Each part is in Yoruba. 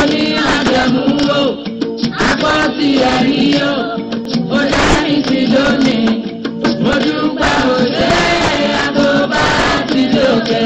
oní àjẹmúwò apọ́tì ẹ̀yìn o ó dání sí lónìí mo dúpẹ́ òde àtọ́bá ti lókè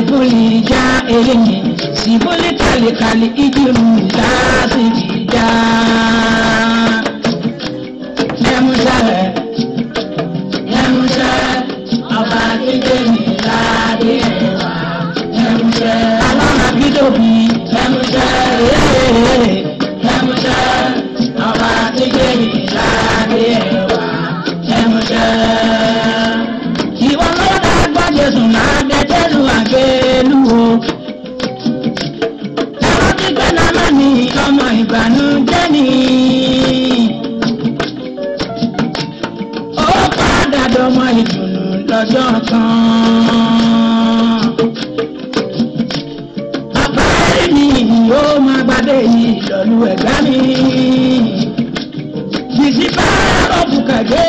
bulibuli ja elingi eh, eh, eh. sibuli kalikali ijirumi laa sibi jaa. Jisipa ọ̀fùkàgé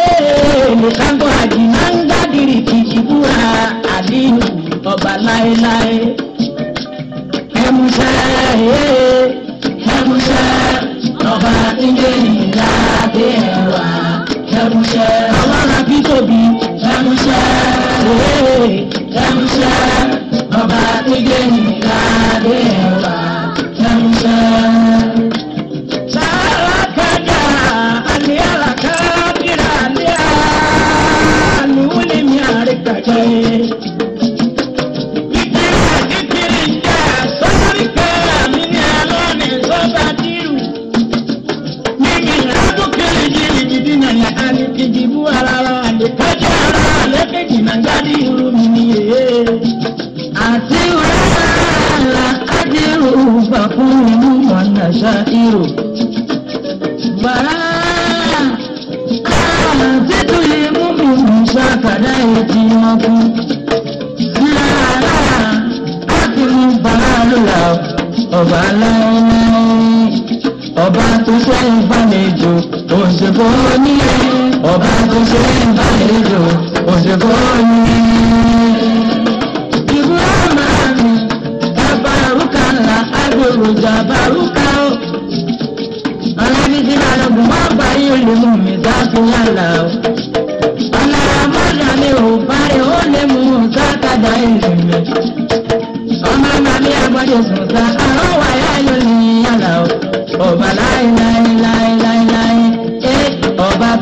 Mùsàngó àjìnáńgá dìrì kìjìbúra Àlíyù ọba láéláé. Ẹ̀mùsà ẹ̀ẹ́.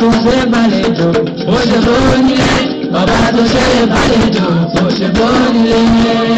i ṣe gbàlejò bó ṣe bó nílé bàbá tó ṣe gbàlejò bó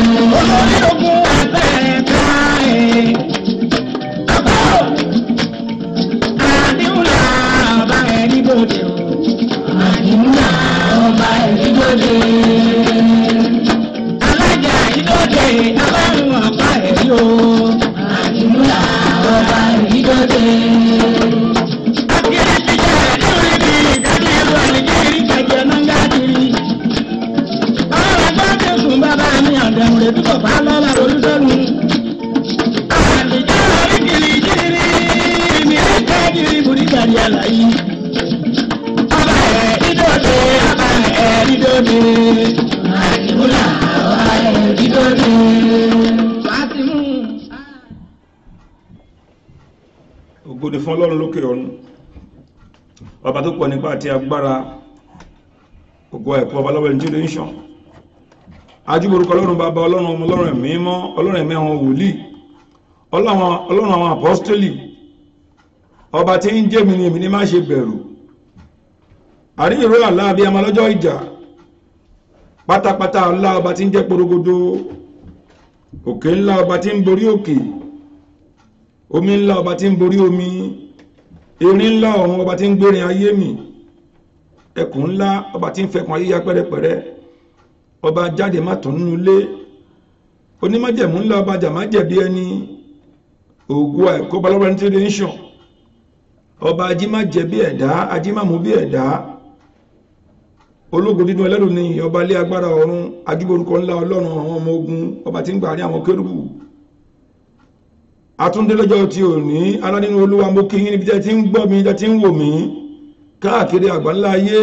ọba tó pọ̀ nípa àti agbára ògo ẹ̀kọ́ ọba lọ́wọ́ ẹ̀jú ní ṣàn ajúborúkọ ọlọ́run bàbá ọlọ́run ọmọ ọlọ́run ẹ̀mí mọ́ ọlọ́run ẹ̀mí àwọn wòlíì ọlọ́run àwọn apọ́stólì ọba tí ń jẹ́ mi ni èmi ní má ṣe bẹ̀rù àríyìnró àlá àbí ọmọ ọlọ́jọ́ ìjà pátápátá ńlá ọba tí ń jẹ́ porogodo òkè ńlá ọba tí ń borí òkè omi ńlá ọba tí ń borí omi erin ńlá ọ̀hún ọba tí ń gbérin ayé mì ẹkùn ńlá ọba tí ń fẹkùn ayé ya ọba jáde má tán nínú ilé onímọ̀jẹ̀mú ńlá ọba jàmájẹ̀bi ẹni ògùn àìkó balọ́bọ̀ ní tíde ń sàn ọba ajímájẹ bí ẹ̀dá ajímámú bí ẹ̀dá ológun ni ọba ilé agbára ọ̀run ajúborúkọ ńlá ọlọ́run àwọn ọmọ ogun ọba tí ń àtúndélọ́jọ́ ti òní aládínú olúwa mo kí yín níbi tẹ́ ń gbọ́ mi tẹ́ ti ń wò mí káàkiri àgbáńlá ayé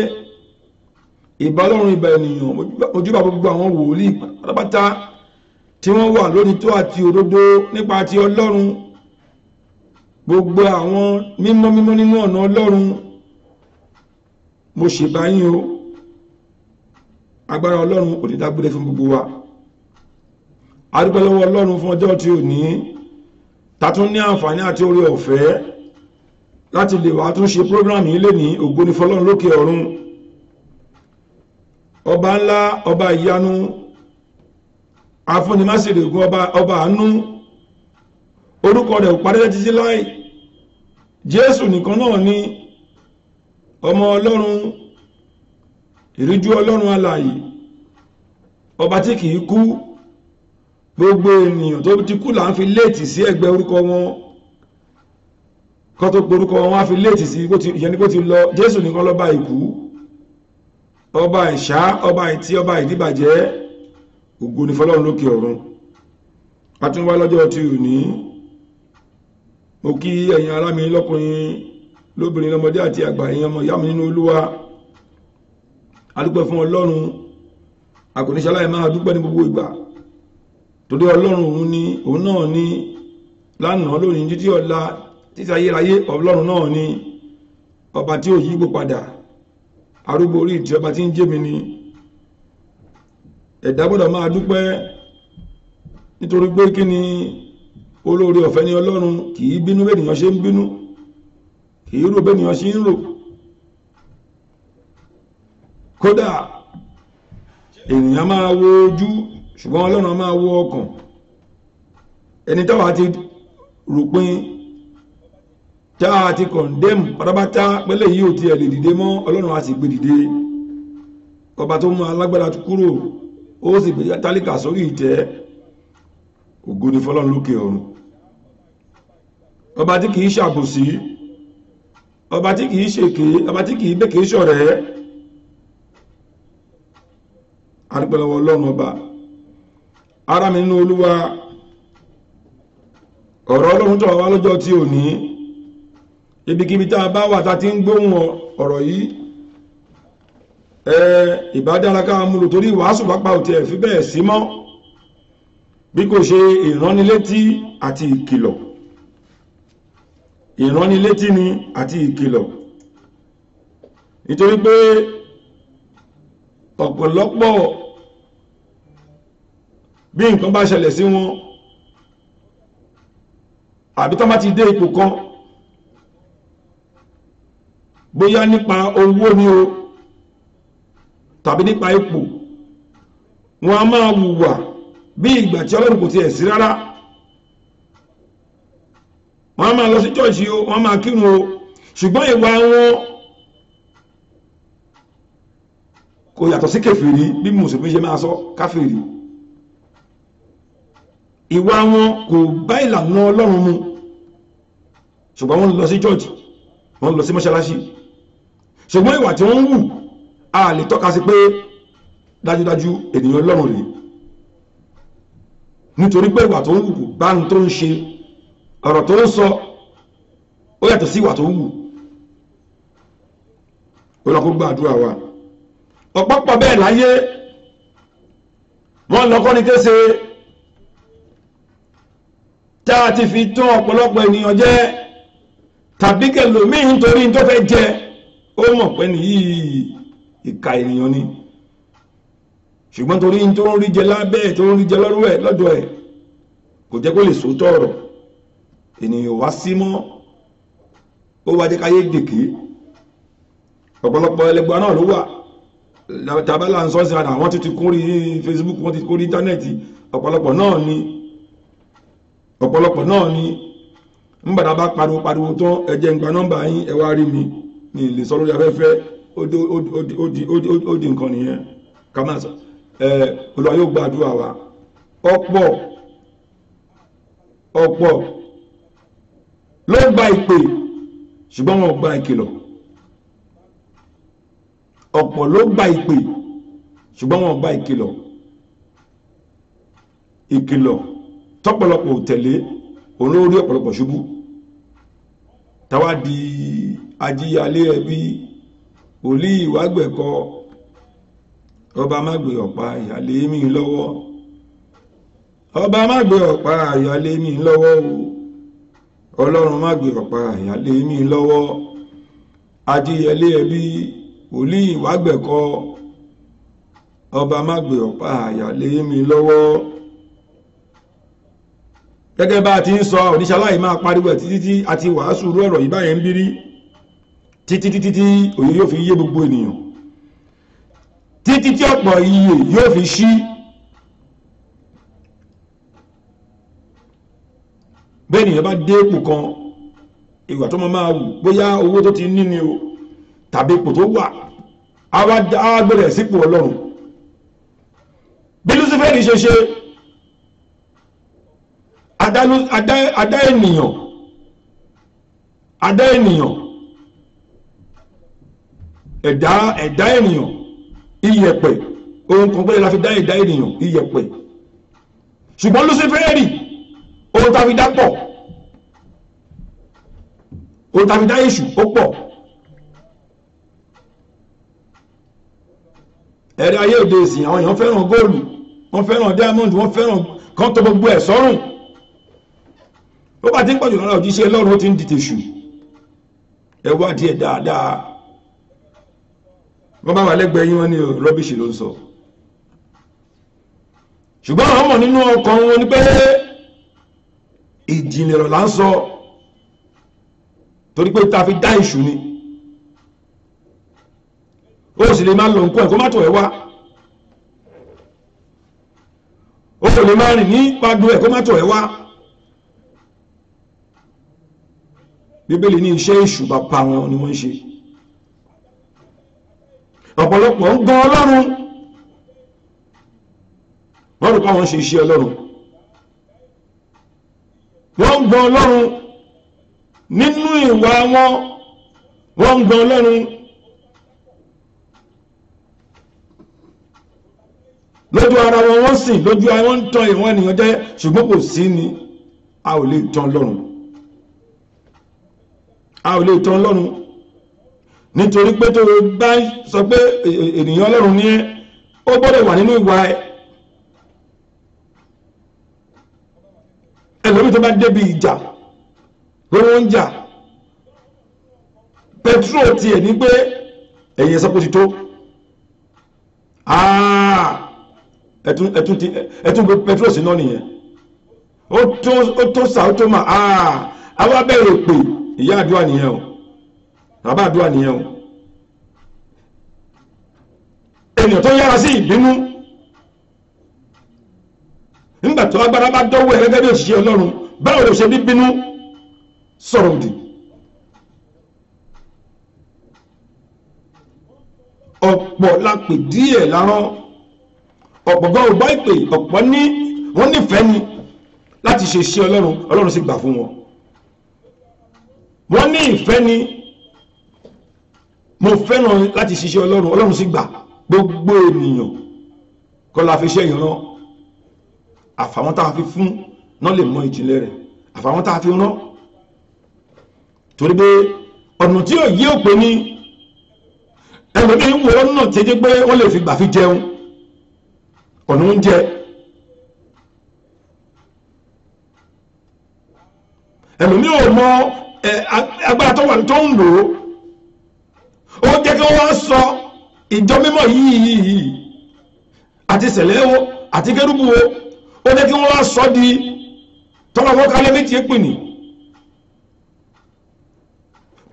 ìbà Ọlọ́run ìbà ènìyàn ojúbà gbogbo àwọn wòlíì pátápátá tí wọ́n wà lónìí tó àti òdodo nípa ti Ọlọ́run gbogbo àwọn mímọ́ mímọ́ nínú ọ̀nà Ọlọ́run mo ṣèbá yín o agbára Ọlọ́run kò ní dágbére fún gbogbo wa a lọ́wọ́ Ọlọ́run fún ọjọ́ tí ò ní tàtún ní àǹfààní àti orí ọ̀fẹ́ láti lè wà tún ṣe program yìí lè ní ògo ni fọlọ́run lókè ọ̀run ọba ńlá ọba ìyanu afúnimásìlè ogun ọba àánú orúkọ rẹ̀ òparẹ́ títí láì jésù nìkan náà ni ọmọ ọlọ́run ìríjú ọlọ́run alààyè ọba tí kìí kú gbogbo ènìyàn tó ti kú là ń fi léètì sí ẹ̀gbẹ́ orúkọ wọn kọ́ tó porúkọ wọn á fi léètì sí ìyẹn ni kó ti lọ Jésù nìkan lọ́ba ìkú ọba ìṣá ọba ìtí ọba ìdíbàjẹ́ ògo ni fọlọ́run lókè ọ̀run a tún wá lọ́jọ́ tí ò ní mo kí ẹ̀yin ará mi lọ́kùnrin lóbìnrin lọ́mọdé àti àgbà ẹ̀yin ọmọ ìyá mi nínú Olúwa a fún Ọlọ́run a ṣaláì máa dúpẹ́ ní gbogbo ìgbà torí ọlọ́run òun ni òun náà ni lánàá lónìí títí ọ̀la títí ayérayé ọlọ́run náà ni ọba tí ò yípo padà arúgbó orí ìtì ọba tí ń jẹ́ mi ni ẹ̀dá gbọ́dọ̀ máa dúpẹ́ nítorí pé kí ni olóore ọ̀fẹ́ ni ọlọ́run kì í bínú bẹ́nìyàn ṣe ń bínú kì í rò bẹ́nìyàn ṣe ń rò kódà ènìyàn máa wo ojú ṣùgbọ́n ọlọ́run máa wo ọkàn ẹni táwa ti ròpin táwa ti kọ̀ǹdẹ́mù pátápátá pẹ́lẹ́ yìí ò tiẹ̀ lè dìde mọ́ ọlọ́run a sì gbé dìde ọba tó mú alágbára kúrò ó sì gbé tálíkà sórí ìtẹ́ ògo ni fọlọ́run lókè ọ̀run ọba tí kìí ṣàbòsí ọba tí kìí ṣèké ọba tí kìí bèkè ṣọ̀rẹ́ adúpẹ́ ọlọ́run ọba ara mi nínú olúwa ọ̀rọ̀ ọlọ́run tọ̀ wá lọ́jọ́ tí ò ní ibikíbi tá a bá wà tá a ti ń gbóhùn ọ̀rọ̀ yìí ẹ ìbádára ká múlò torí wàásù pápá ò tiẹ̀ fi bẹ́ẹ̀ sí mọ́ bí kò ṣe ìránnilétí àti ìkìlọ̀ ìránnilétí ni àti ìkìlọ̀ nítorí pé ọ̀pọ̀lọpọ̀ bí nǹkan bá ṣẹlẹ̀ sí wọn àbí tán bá ti dé ipò kan bóyá nípa owó ni o tàbí nípa ipò wọn a máa wùwà bí ìgbà tí ọlọ́run kò tiẹ̀ sí rárá wọn a máa lọ sí chọ́ọ̀ṣì o wọn a máa kírun o ṣùgbọ́n ìwà wọn kò yàtọ̀ sí kèfèrí bí mùsùlùmí ṣe máa sọ káfèrí. So, ìwà wọn kò bá ìlànà ọlọ́run mu ṣùgbọ́n wọ́n lọ sí church wọ́n lọ sí mọ́ṣáláṣí ṣùgbọ́n ìwà tí wọ́n ń wù a lè tọ́ka sí pé dájúdájú ènìyàn ọlọ́run rèé nítorí pé ìwà tó ń wù bá ń tó ń ṣe ọ̀rọ̀ tó ń sọ ó yàtọ̀ sí ìwà tó ń wù ó gbàdúrà wa ọ̀pọ̀pọ̀ bẹ́ẹ̀ láyé wọ́n lọ kọ́ni tẹ́sẹ̀ tá a ti fi tán ọ̀pọ̀lọpọ̀ ènìyàn jẹ́ tàbí kẹlòmíì nítorí tó fẹ́ jẹ ó mọ̀ pé nìyí ìka ènìyàn ni ṣùgbọ́n torí tó ń rí jẹ lábẹ́ ẹ̀ tó ń rí jẹ lọ́rú ẹ̀ lọ́dọ̀ ẹ̀ kò jẹ́ kó lè sòótọ́ ọ̀rọ̀ ènìyàn wá sí mọ́ ó wá káyé dèké ọ̀pọ̀lọpọ̀ ẹlẹgbẹ́ náà ló wà tàbí ń sọ́sìn àdà wọ́n ti kún rí Facebook wọ́n ti kún rí íńtánẹ́ẹ̀tì ọ̀pọ̀lọpọ̀ náà ni ọ̀pọ̀lọpọ̀ náà ni ńgbàdá bá pariwo pariwo tán ẹ̀jẹ̀ ń gba nọ́mbà yín ẹ̀ rí mi ní ilé sọ lórí afẹ́fẹ́ ó di nǹkan nìyẹn kamasa ẹ̀ olùwà yóò gbàdúrà wa ọ̀pọ̀ ọ̀pọ̀ ló gba ìpè ṣùgbọ́n wọn ò gba ìkìlọ̀ ọ̀pọ̀ ló gba ìpè ṣùgbọ́n wọn gba ìkìlọ̀ ìkìlọ̀ tọ́pọ̀lọpọ̀ tẹ̀lé òun ló rí ọ̀pọ̀lọpọ̀ ṣubú táwa di ajíyalé ẹbí òlí ìwágbẹ̀kọ ọba má gbé ọ̀pá ìyálé mi lọ́wọ́ ọba má gbé ọ̀pá ìyálé mi lọ́wọ́ o ọlọ́run má gbé ọ̀pá mi lọ́wọ́ ajíyalé ẹbí òlí ìwágbẹ̀kọ ọba má gbé ọ̀pá ìyálé mi lọ́wọ́ gẹ́gẹ́ bá a ti ń sọ oníṣẹ́ aláì máa pariwo ẹ̀ títí tí a ti wàásù rú ẹ̀rọ yìí báyẹn ń bí rí títí títí tí òye yóò fi yé gbogbo ènìyàn títí tí ọ̀pọ̀ iye yóò fi ṣí bẹ́ẹ̀ nìyẹn bá dé ipò kan ìwà tó máa wù bóyá owó tó ti ní ni o tàbí ipò tó wà á wá gbẹ̀rẹ̀ sípò ọlọ́run bí Lucifer ṣe ṣe adá ènìyàn adá ènìyàn ẹ̀dá ẹ̀dá ènìyàn iyẹ̀pẹ̀ ohun kan péré la fi dá ẹ̀dá ènìyàn iyẹ̀pẹ̀ ṣùgbọ́n lúsífẹ́rì ohun tá fi dá pọ̀ ohun tá fi dá èṣù ó pọ̀ ẹ̀rẹ́ ayé òde ìsìn àwọn èèyàn fẹ́ràn góòlù wọ́n fẹ́ràn diamond wọ́n fẹ́ràn kan tó gbogbo ẹ̀ sọ́rùn ó bá ti ń pọ̀jù lára òjíṣẹ́ Ọlọ́run ó ti ń dìtè ṣù ẹ wá díẹ̀ dáadáa wọ́n bá wà lẹ́gbẹ̀ẹ́ yín wọ́n ní rọ́bìṣì ló ń sọ ṣùgbọ́n àwọn ọmọ nínú ọkàn wọn ni pé ìjìnlẹ̀rọ̀ là ń sọ torí pé ta fi dá ìṣù ni ó sì lè máa lọ nǹkan ẹ̀kọ́ mọ́tò ẹ̀ wá ó sì lè máa rìn ní pàdó ẹ̀kọ́ mọ́tò ẹ̀ wá. bíbélì ní iṣẹ́ èṣù bàbá wọn ni wọ́n ń ṣe ọ̀pọ̀lọpọ̀ ń gan ọlọ́run wọ́n rò káwọn ṣe iṣẹ́ ọlọ́run wọ́n ń gan ọlọ́run nínú ìwà wọn wọ́n ń gan ọlọ́run lójú ara wọn wọ́n sìn lójú ara wọn ń tan ìwọ̀n ènìyàn jẹ́ ṣùgbọ́n kò sí ni a ò lè tan ọlọ́run a ò lè tán lọ́run nítorí pé tó bá sọ pé ènìyàn ọlọ́run ní ẹ́ ó gbọ́dọ̀ wà nínú ìwà ẹ̀ ẹlòmíì tó bá débi ìjà lórí oúnjà petro tiẹ̀ ní pé ẹ̀yìn sọ́kò ti tó ẹ̀tún gbé petro sí náà nìyẹn ó tó sàó tó mà àwọn abẹ́rẹ́ pè é ìyá àdúrà nìyẹn o bàbá àdúrà nìyẹn o ènìyàn tó yára sí ìbínú nígbà tó agbára bá dọ́wọ́ ẹ̀ gẹ́gẹ́ bí òṣìṣẹ́ ọlọ́run báwo ló ṣe ní bínú sọ̀rọ̀ òdì ọ̀pọ̀ la pè díẹ̀ lárọ́ ọ̀pọ̀ gbọ́ ògbọ́ ìpè ọ̀pọ̀ ní wọ́n nífẹ̀ẹ́ ni láti ṣe iṣẹ́ ọlọ́run ọlọ́run sì gbà fún wọn wọ́n ní ìfẹ́ ni mo fẹ́ràn láti ṣiṣẹ́ ọlọ́run ọlọ́run sì gbà gbogbo ènìyàn kọ́ la fi ṣe ìran àfàwọn tá a fi fún náà lè mọ ìjìnlẹ̀ rẹ̀ àfàwọn tá a fi rán torí pé ọ̀nà tí ò yí òpè ni ẹlòmí ń wo ọ̀nà tí jẹ́ pé ó lè fi gbà fi jẹun ọ̀nà oúnjẹ ẹlòmí ò mọ agbára tó wà tó ń lò ó ó jẹ́ kí wọ́n sọ ìjọ mímọ́ yìí àti sẹ̀lẹ̀ wo àti kérúbù wo ó jẹ́ kí wọ́n sọ di tọ́lọ́fọ́ kálẹ̀ méjì pè ní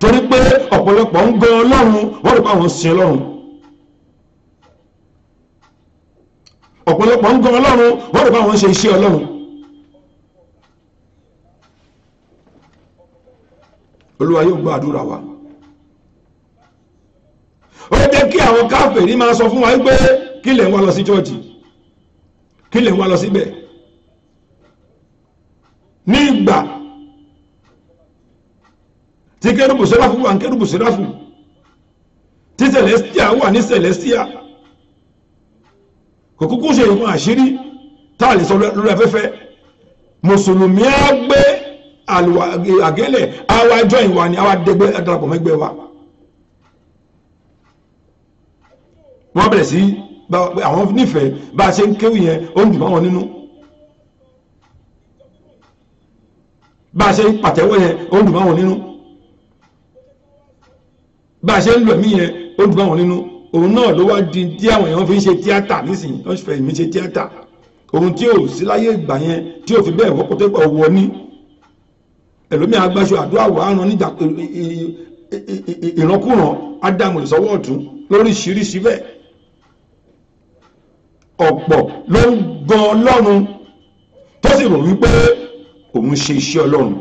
torí pé ọ̀pọ̀lọpọ̀ ń gan ọlọ́run wọ́n rí pé sin ọlọ́run ọ̀pọ̀lọpọ̀ ń gan ọlọ́run wọ́n rí pé ṣe iṣẹ́ ọlọ́run olúwa yóò gbọ́ àdúrà wa ó jẹ́ kí àwọn káfíìrì máa sọ fún wa pé kí lè ń wá lọ sí chọ́ọ̀chì kí lè ń wá lọ síbẹ̀ ní ìgbà tí kérúbù sẹ́ráfù wà ní kérúbù sẹ́ráfù tí celestia wà ní celestia kò kúkú ṣe ìwọ̀n àṣírí tá lè sọ lórí afẹ́fẹ́ mùsùlùmí á gbé àgẹ́lẹ̀ àwa join wa ni àwa dẹgbẹ́ darapọ̀ mẹ́gbẹ́ wa wọ́n bẹ̀rẹ̀ sí àwọn nífẹ̀ẹ́ bá a ṣe ń kéwì yẹn ó ń dùn mọ́ wọn nínú bá a ṣe ń pàtẹ́wọ́ yẹn ó ń dùn mọ́ wọn nínú bá a ṣe ń lọ ẹ̀mí yẹn ó ń dùn mọ́ wọn nínú òun náà ló wá di tí àwọn èèyàn fi ń ṣe tíátà nísìnyí wọ́n fẹ̀yìn mi ṣe tíátà òun tí ò sí láyé ìgbà yẹn tí ò fi bẹ́ẹ̀ wọ́pọ̀ tó pọ̀ wọ ní ẹlòmí agbáṣọ àdúrà wàárùn níjà ìrànkúràn ádámù ìsọwọ́ ọ̀tún lóríṣiríṣi bẹ́ẹ̀ ọ̀pọ̀ ló ń gan ọlọ́run tó sì rò wípé òun ṣe iṣẹ́ ọlọ́run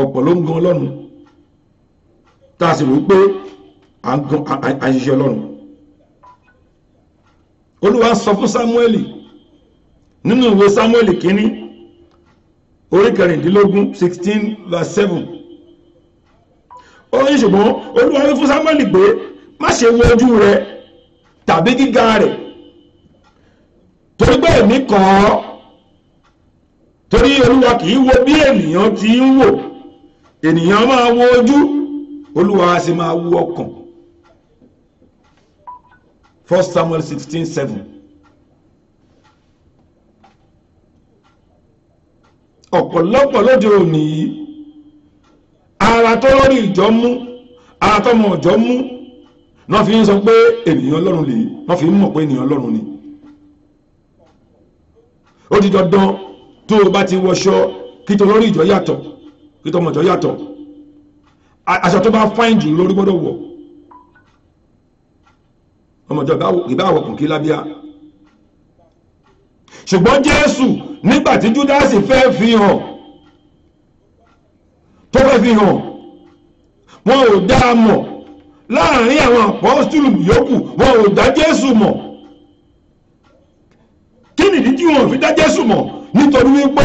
ọ̀pọ̀ ló ń gan ọlọ́run tá a sì rò wípé à ń ṣiṣẹ́ ọlọ́run olúwa sọ fún samueli nínú ìwé samueli kínní orí kẹrìndínlógún sixteen verse seven ó ní ṣùgbọ́n olúwa wí fún samueli pé má ṣe wo ojú rẹ tàbí gíga rẹ̀ torí pé èmi kọ̀ ọ́ torí olúwa kì í wo bí ènìyàn ti ń wò ènìyàn máa wo ojú olúwa sì máa wo ọkàn First Samuel sixteen seven. ọ̀pọ̀lọpọ̀ lóde òní yìí ara tó lórí ìjọ mú ara tọmọ ọjọ́ mú náà fi ń sọ pé ènìyàn ọlọ́run lè náà fi ń mọ̀ pé ènìyàn ọlọ́run ni ó di dandan tó o bá ti wọṣọ kí tó lórí ìjọ yàtọ̀ kí tọmọ ìjọ yàtọ̀ aṣọ tó bá fáìn jù lórí gbọ́dọ̀ wọ̀ ọmọjọ ìbá àwọkùn kí lábíà ṣùgbọ́n jésù nígbàtí júdásì fẹ́ fi hàn tó fẹ́ fi hàn wọn ò dá a mọ̀ láàrin àwọn àpọ́stùlù yòókù wọn ò dá jésù mọ̀ kí nìdí tí wọn ò fi dá jésù mọ̀ nítorí wípé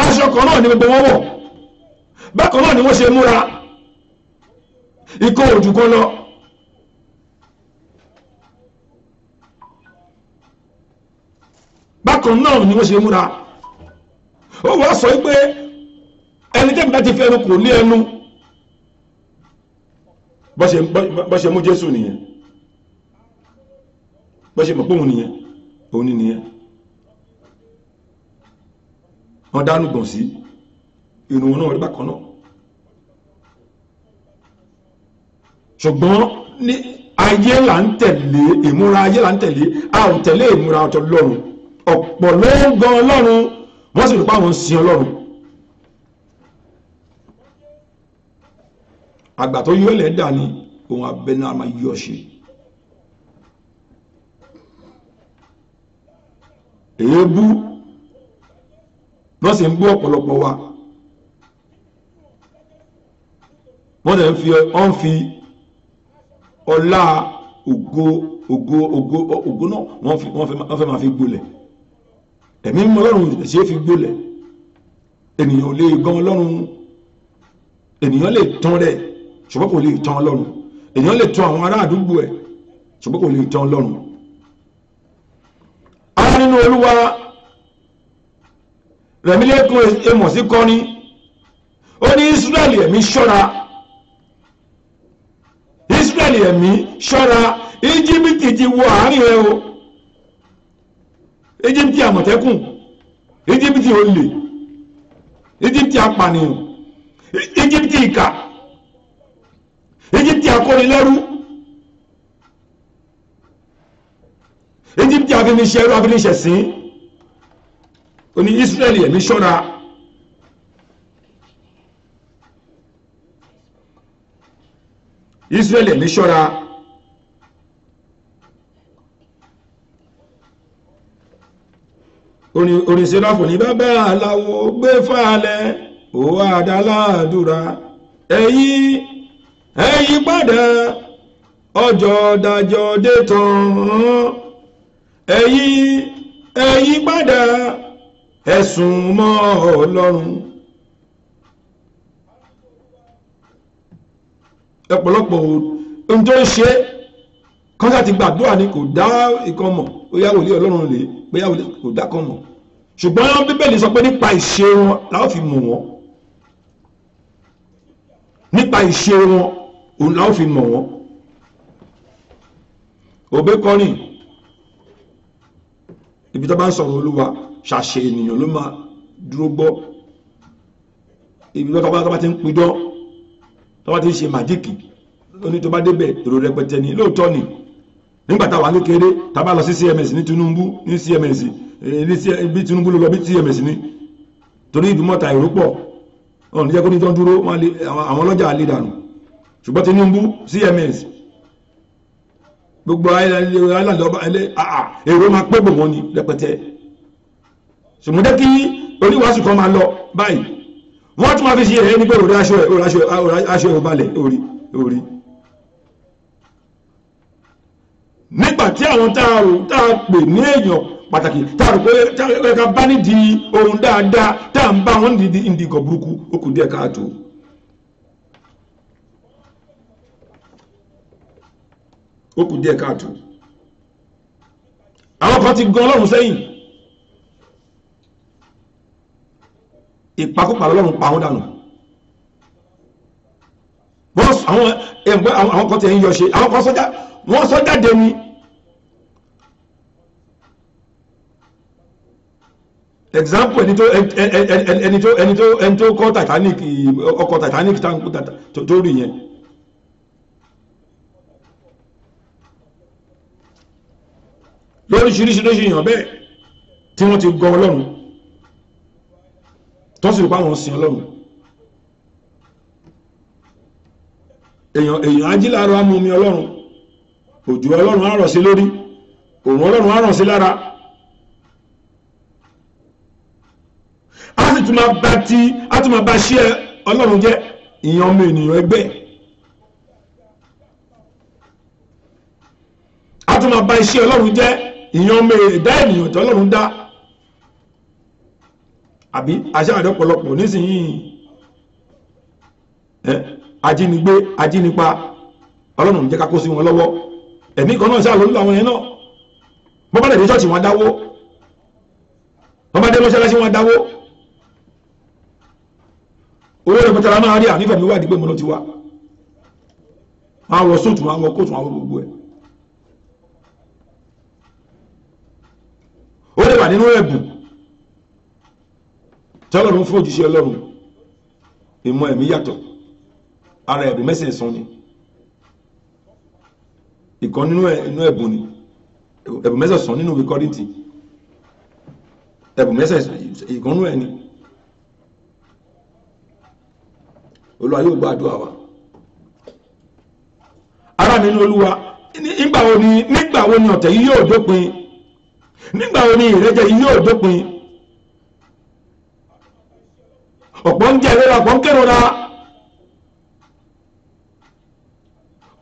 aṣọ kan náà ni gbogbo wọn wọ̀ bákan náà ni wọ́n ṣe múra ikọ̀ òjù kan lọ bákan náà ni wọ́n ṣe múra ó wọ́n sọ pé ẹni tẹ́bi láti fi ẹnu kò ní ẹnu bọ́ ṣe mú Jésù nìyẹn bọ́ ṣe mọ̀ pé òun nìyẹn òun ni nìyẹn wọ́n dánú gbọ̀n sí irun náà rí bákan náà ṣùgbọ́n ní ayé là ń tẹ̀lé ìmúra ayé là ń tẹ̀lé a ò tẹ̀lé ìmúra ọ̀tọ̀ lọ́rùn ọ̀pọ̀ ló ń gan ọlọ́run wọ́n sì rúpa àwọn sin ọlọ́run àgbà tó yọ ilẹ̀ dà ní ohun abẹ́nú àmà yọ ṣe èébú wọ́n sì ń bú ọ̀pọ̀lọpọ̀ wa wọ́n sì ń fi ọ́n fi ọlá ògo ògo ògo ògo náà wọ́n fẹ́ máa fi gbolẹ̀ ẹ̀mí mímọ́ ọlọ́run ò ṣe é fi gbólẹ̀ ènìyàn ò lè gan ọlọ́run ènìyàn lè tán rẹ̀ ṣùgbọ́n kò lè tán ọlọ́run ènìyàn lè tán àwọn ará àdúgbò ẹ̀ ṣùgbọ́n kò lè tán ọlọ́run. ara nínú olúwa rẹ̀mílẹ́kùn emọ̀sí kọ́ni ó ní Ísírẹ́lì ẹ̀mí ṣọ́ra Ísírẹ́lì ẹ̀mí ṣọ́ra íjíbítì ti wọ àárín ẹ o. Íjíbítì àmọ̀tẹ́kùn Íjíbítì olè Íjíbítì apànìyàn Íjíbítì ìkà Íjíbítì akọ́nilẹ́rú Íjíbítì afiniṣẹ́rú afiniṣẹ̀sìn oní Ísírẹ́lì ẹ̀mí ṣọ́ra. Ísírẹ́lì ẹ̀mí ṣọ́ra. orin sẹ́láfò ní bẹ́bẹ́ aláwo gbé fàálẹ̀ òwò àdáláàdúrà ẹ̀yìn ẹ̀yìn padà ọjọ́ dájọ́ dé tán ẹ̀yìn ẹ̀yìn padà ẹ̀sùn mọ́ ọlọ́run. ọ̀pọ̀lọpọ̀ ohun tó ń ṣe kọ́ńtà ti gbàdúrà ni kò dá ìkan mọ̀ bóyá wòlíì ọlọ́run lè bóyá wòlíì kò dá kan mọ̀ ṣùgbọ́n bíbélì sọ pé nípa ìṣe wọn làwọn fi mọ̀ wọ́n nípa ìṣe wọn làwọn fi mọ̀ wọ́n òbí kọrin ibi tó bá ń sọ̀rọ̀ olúwa ṣàṣe ènìyàn ló máa dúró gbọ́ ibi lọ́kọ̀ bá ti ń pidán tó bá ti ń ṣe màdíkì ó ní tó bá débẹ̀ èrò rẹpẹtẹ ni lóòótọ́ ni nígbà tá a wà kékeré tá a bá lọ sí cms ní tinubu ní cms eh, ní eh, bí tinubu ló lọ bí cms ní torí ìdúmọ̀ta èrò pọ̀ ọ̀n níjẹ́ kó ní tán dúró àwọn ọlọ́jà lè dànù ṣùgbọ́n tinubu cms gbogbo island ọba ilé èrò máa pé gbogbo ni rẹpẹtẹ ṣùgbọ́n kí oníwàásù kan máa lọ báyìí wọ́n tún máa fi ṣe ẹ̀yẹ́ nígbà òrò aṣọ ẹ̀ òrò aṣọ ẹ̀ òbalẹ̀ orí nígbà tí àwọn tá a rò tá a pè ní èèyàn pàtàkì tá a rò pé ká bá nídìí ohun dáadáa tá a ń bá wọn nídìí ìdìgọ̀ burúkú ó kù káàtó. ó kù káàtó. àwọn kan ti gan ọlọ́run sẹ́yìn ìpakúpa lọ́lọ́run pa wọ́n dànù bọ́ọ̀sù àwọn ẹ̀gbọ́n eh, àwọn kan ti ń yọ ṣe àwọn kan sọ́jà wọ́n sọ́jà dé ni example ẹni tó ẹni tó ẹni tó ẹni tó kọ́ Titanic ọkọ̀ Titanic tó rí yẹn lóríṣiríṣi lóṣù èèyàn bẹ́ẹ̀ tí wọ́n ti gọ Ọlọ́run tó sì rí pa àwọn Ọlọ́run èèyàn èèyàn ajíláàrọ̀ á mú mi ọlọ́run òjò ọlọ́run á rọ̀ sí lórí òun ọlọ́run á rọ̀ sí lára á sì tún máa bá ti á tún máa bá ṣí ẹ ọlọ́run jẹ́ ìyàn ọmọ ènìyàn ẹgbẹ́ á tún máa bá iṣẹ́ ọlọ́run jẹ́ ìyàn ọmọ ẹ̀dá ènìyàn tí ọlọ́run dá àbí aṣáájú ọ̀pọ̀lọpọ̀ nísìnyí ajínigbé ajínipa ọlọ́run jẹ́ ká kó sí wọn lọ́wọ́ ẹ̀mí kan náà ṣàlọ́ lórí àwọn yẹn náà bọ́n bá dẹ̀ dé ṣọ́ọ̀ṣì wọn dáwó bọ́n bá dé mọ́ṣáláṣí wọn dáwó owó rẹ̀ pẹ̀tàlá máa rí ànífẹ̀ mi wádìí pé mo ló ti wá àwọn sóòtù àwọn kóòtù àwọn gbogbo ẹ̀ ó lè wà nínú ẹ̀bùn tọ́lọ́run fún òjíṣẹ́ ọlọ́run ìmọ̀ ẹ̀mí yàtọ̀ ara ẹ̀bùn mẹ́sẹ̀sán ni ìkan nínú inú ẹ̀bùn ni ẹ̀bùn mẹ́sẹ̀sán nínú ìwé kọ́rìntì ẹ̀bùn mẹ́sẹ̀sán ìkan nínú ẹ̀ ni olúwa yóò gbàdúrà wa ara mi ní olúwa nígbà wo ni nígbà wo ni ọ̀tẹ̀ yìí yóò dópin nígbà wo ni ìrẹ́jẹ yìí yóò dópin ọ̀pọ̀ ń jẹ́ ìrora ọ̀pọ̀ ń kérora.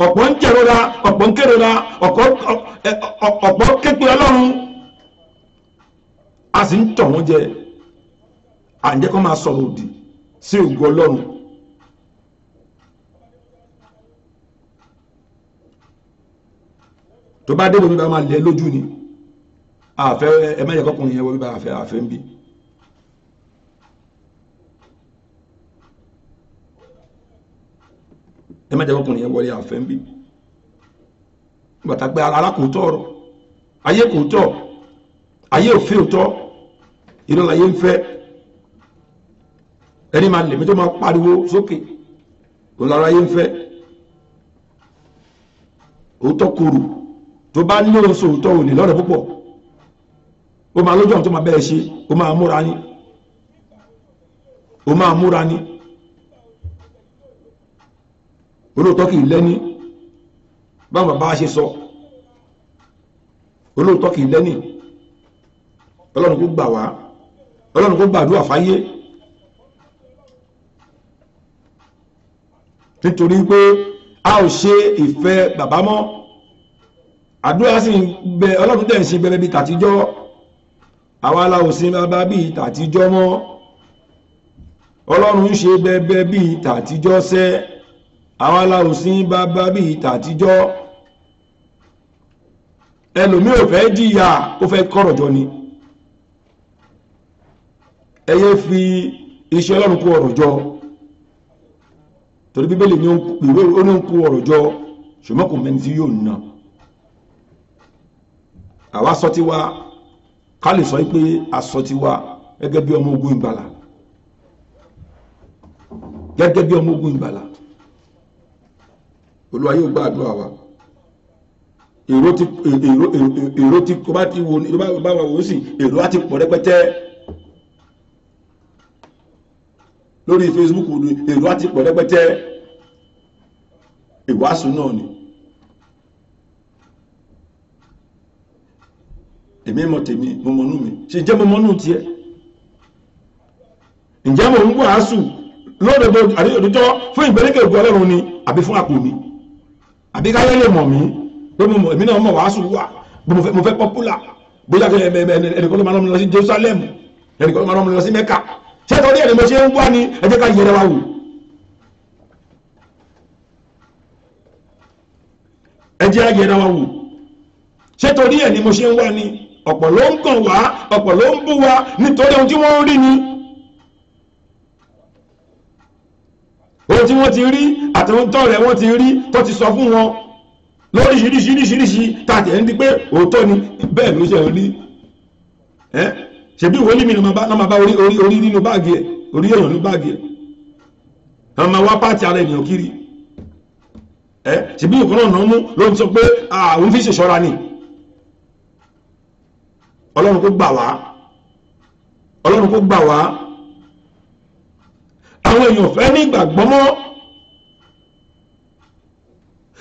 ọ̀pọ̀ ń jẹ̀rora ọ̀pọ̀ ń kérora ọ̀pọ̀ képe ọlọ́run a sì ń tọ̀ wọ́n jẹ à ń jẹ́ kó máa sọ̀rọ̀ òdì sí ògo ọlọ́run tó bá dé lómi bá máa lẹ́ lójú ni àfẹ́ ẹ mẹ́jẹ̀ kọkùnrin yẹn wọ́n bí bá àfẹ́ àfẹ́ ń bí. ẹ má jẹ́ ọkùnrin yẹn wọlé àfẹ́ ń bí bàtà pé ara kò tọ́ ọ̀rọ̀ ayé kò tọ́ ayé òfin òtọ́ irọ́ láyé ń fẹ́ ẹni máa lèmi tó máa pariwo sókè òun lára ayé ń fẹ́ òótọ́ korò tó bá ní oṣù òótọ́ òní lọ́rẹ̀ púpọ̀ ó máa lójú àwọn tó máa bẹ́ẹ̀ ṣe ó máa múra ní ó máa múra ní olóòótọ́ kì í lẹ́ni báwọn bàbá ṣe sọ olóòótọ́ kì í lẹ́ni ọlọ́run kó gbà wá ọlọ́run kó gbàdúrà fáyé nítorí pé a ò ṣe ìfẹ́ bàbá mọ́ àdúrà sì bẹ ọlọ́run tẹ̀ ń ṣe bẹ̀rẹ̀ bíi tàtijọ́ àwa aláwọ̀ bàbá bíi tàtijọ́ mọ́ ọlọ́run ń ṣe bẹ̀bẹ̀ bíi tàtijọ́ sẹ́ẹ́ àwọn aláwòsín bàbá bíi tàtijọ́ ẹlòmí ò fẹ́ jìyà ó fẹ́ kọ̀rọ̀ jọ ni ẹ yé fi iṣẹ́ ọlọ́run kó ọ̀rọ̀ jọ torí bíbélì ní ó ní ń kó ọ̀rọ̀ jọ ṣùgbọ́n kò mẹ́ni tí yóò ná àwa sọ tiwa ká lè sọ pé a sọ tiwa gẹ́gẹ́ bí ọmọ ogun ìgbàlà gẹ́gẹ́ bí ọmọ ogun ìgbàlà olúwa yóò gbàdúrà wa èrò ti èrò èrò ti kó bá ti wo ní bá wà wò sí èrò á ti pọ̀ rẹpẹtẹ lórí Facebook ni èrò á ti pọ̀ rẹpẹtẹ ìwàásù náà ni èmi mọ̀ tèmi mo mọ̀nú mi ṣe jẹ́ mo mọ̀nú tiẹ̀ ǹjẹ́ mo ń wàásù lóòdòdó àdéjọ́ fún ìgbẹ́lẹ́kẹ̀ ògùn ọlọ́run ni àbí fún àpò mi àbí káyọ̀ lè mọ̀ mí pé mo mọ̀ èmi náà mọ̀ wàásù wà mo fẹ́ pọ́pùlà bóyá ẹnìkan ló máa lọ sí Jerusalem ẹnìkan ló máa lọ sí Mẹ́kà ṣé torí ẹni mo ṣe ń wá ni ẹ jẹ́ ká yẹra wa wò ẹ jẹ́ ká yẹra wa wò ṣé torí ẹni mo ṣe ń wá ni ọ̀pọ̀ ló ń kàn wá ọ̀pọ̀ ló ń bú wa nítorí ohun tí wọ́n rí ni. àtàwọn tí wọ́n ti rí àtàwọn tọ́rẹ̀ wọ́n ti rí tó ti sọ fún wọn lóríṣiríṣiríṣiríṣi tàtẹ̀ ń di pé òótọ́ ni bẹ́ẹ̀ ló ṣe rí ẹ́ ṣebí wòlíì mi náà máa bá orí orí nínú báàgì ẹ̀ orí èèyàn ní báàgì ẹ̀ àwọn máa wá pààtì ara ènìyàn kiri ẹ́ ṣebí ìkan náà náà mú ló ń sọ pé àwọn fi ṣèṣọ́ra ni ọlọ́run kó gbà wá ọlọ́run kó gbà wá àwọn èèyàn fẹ́ ní ìgbàgbọ́ mọ́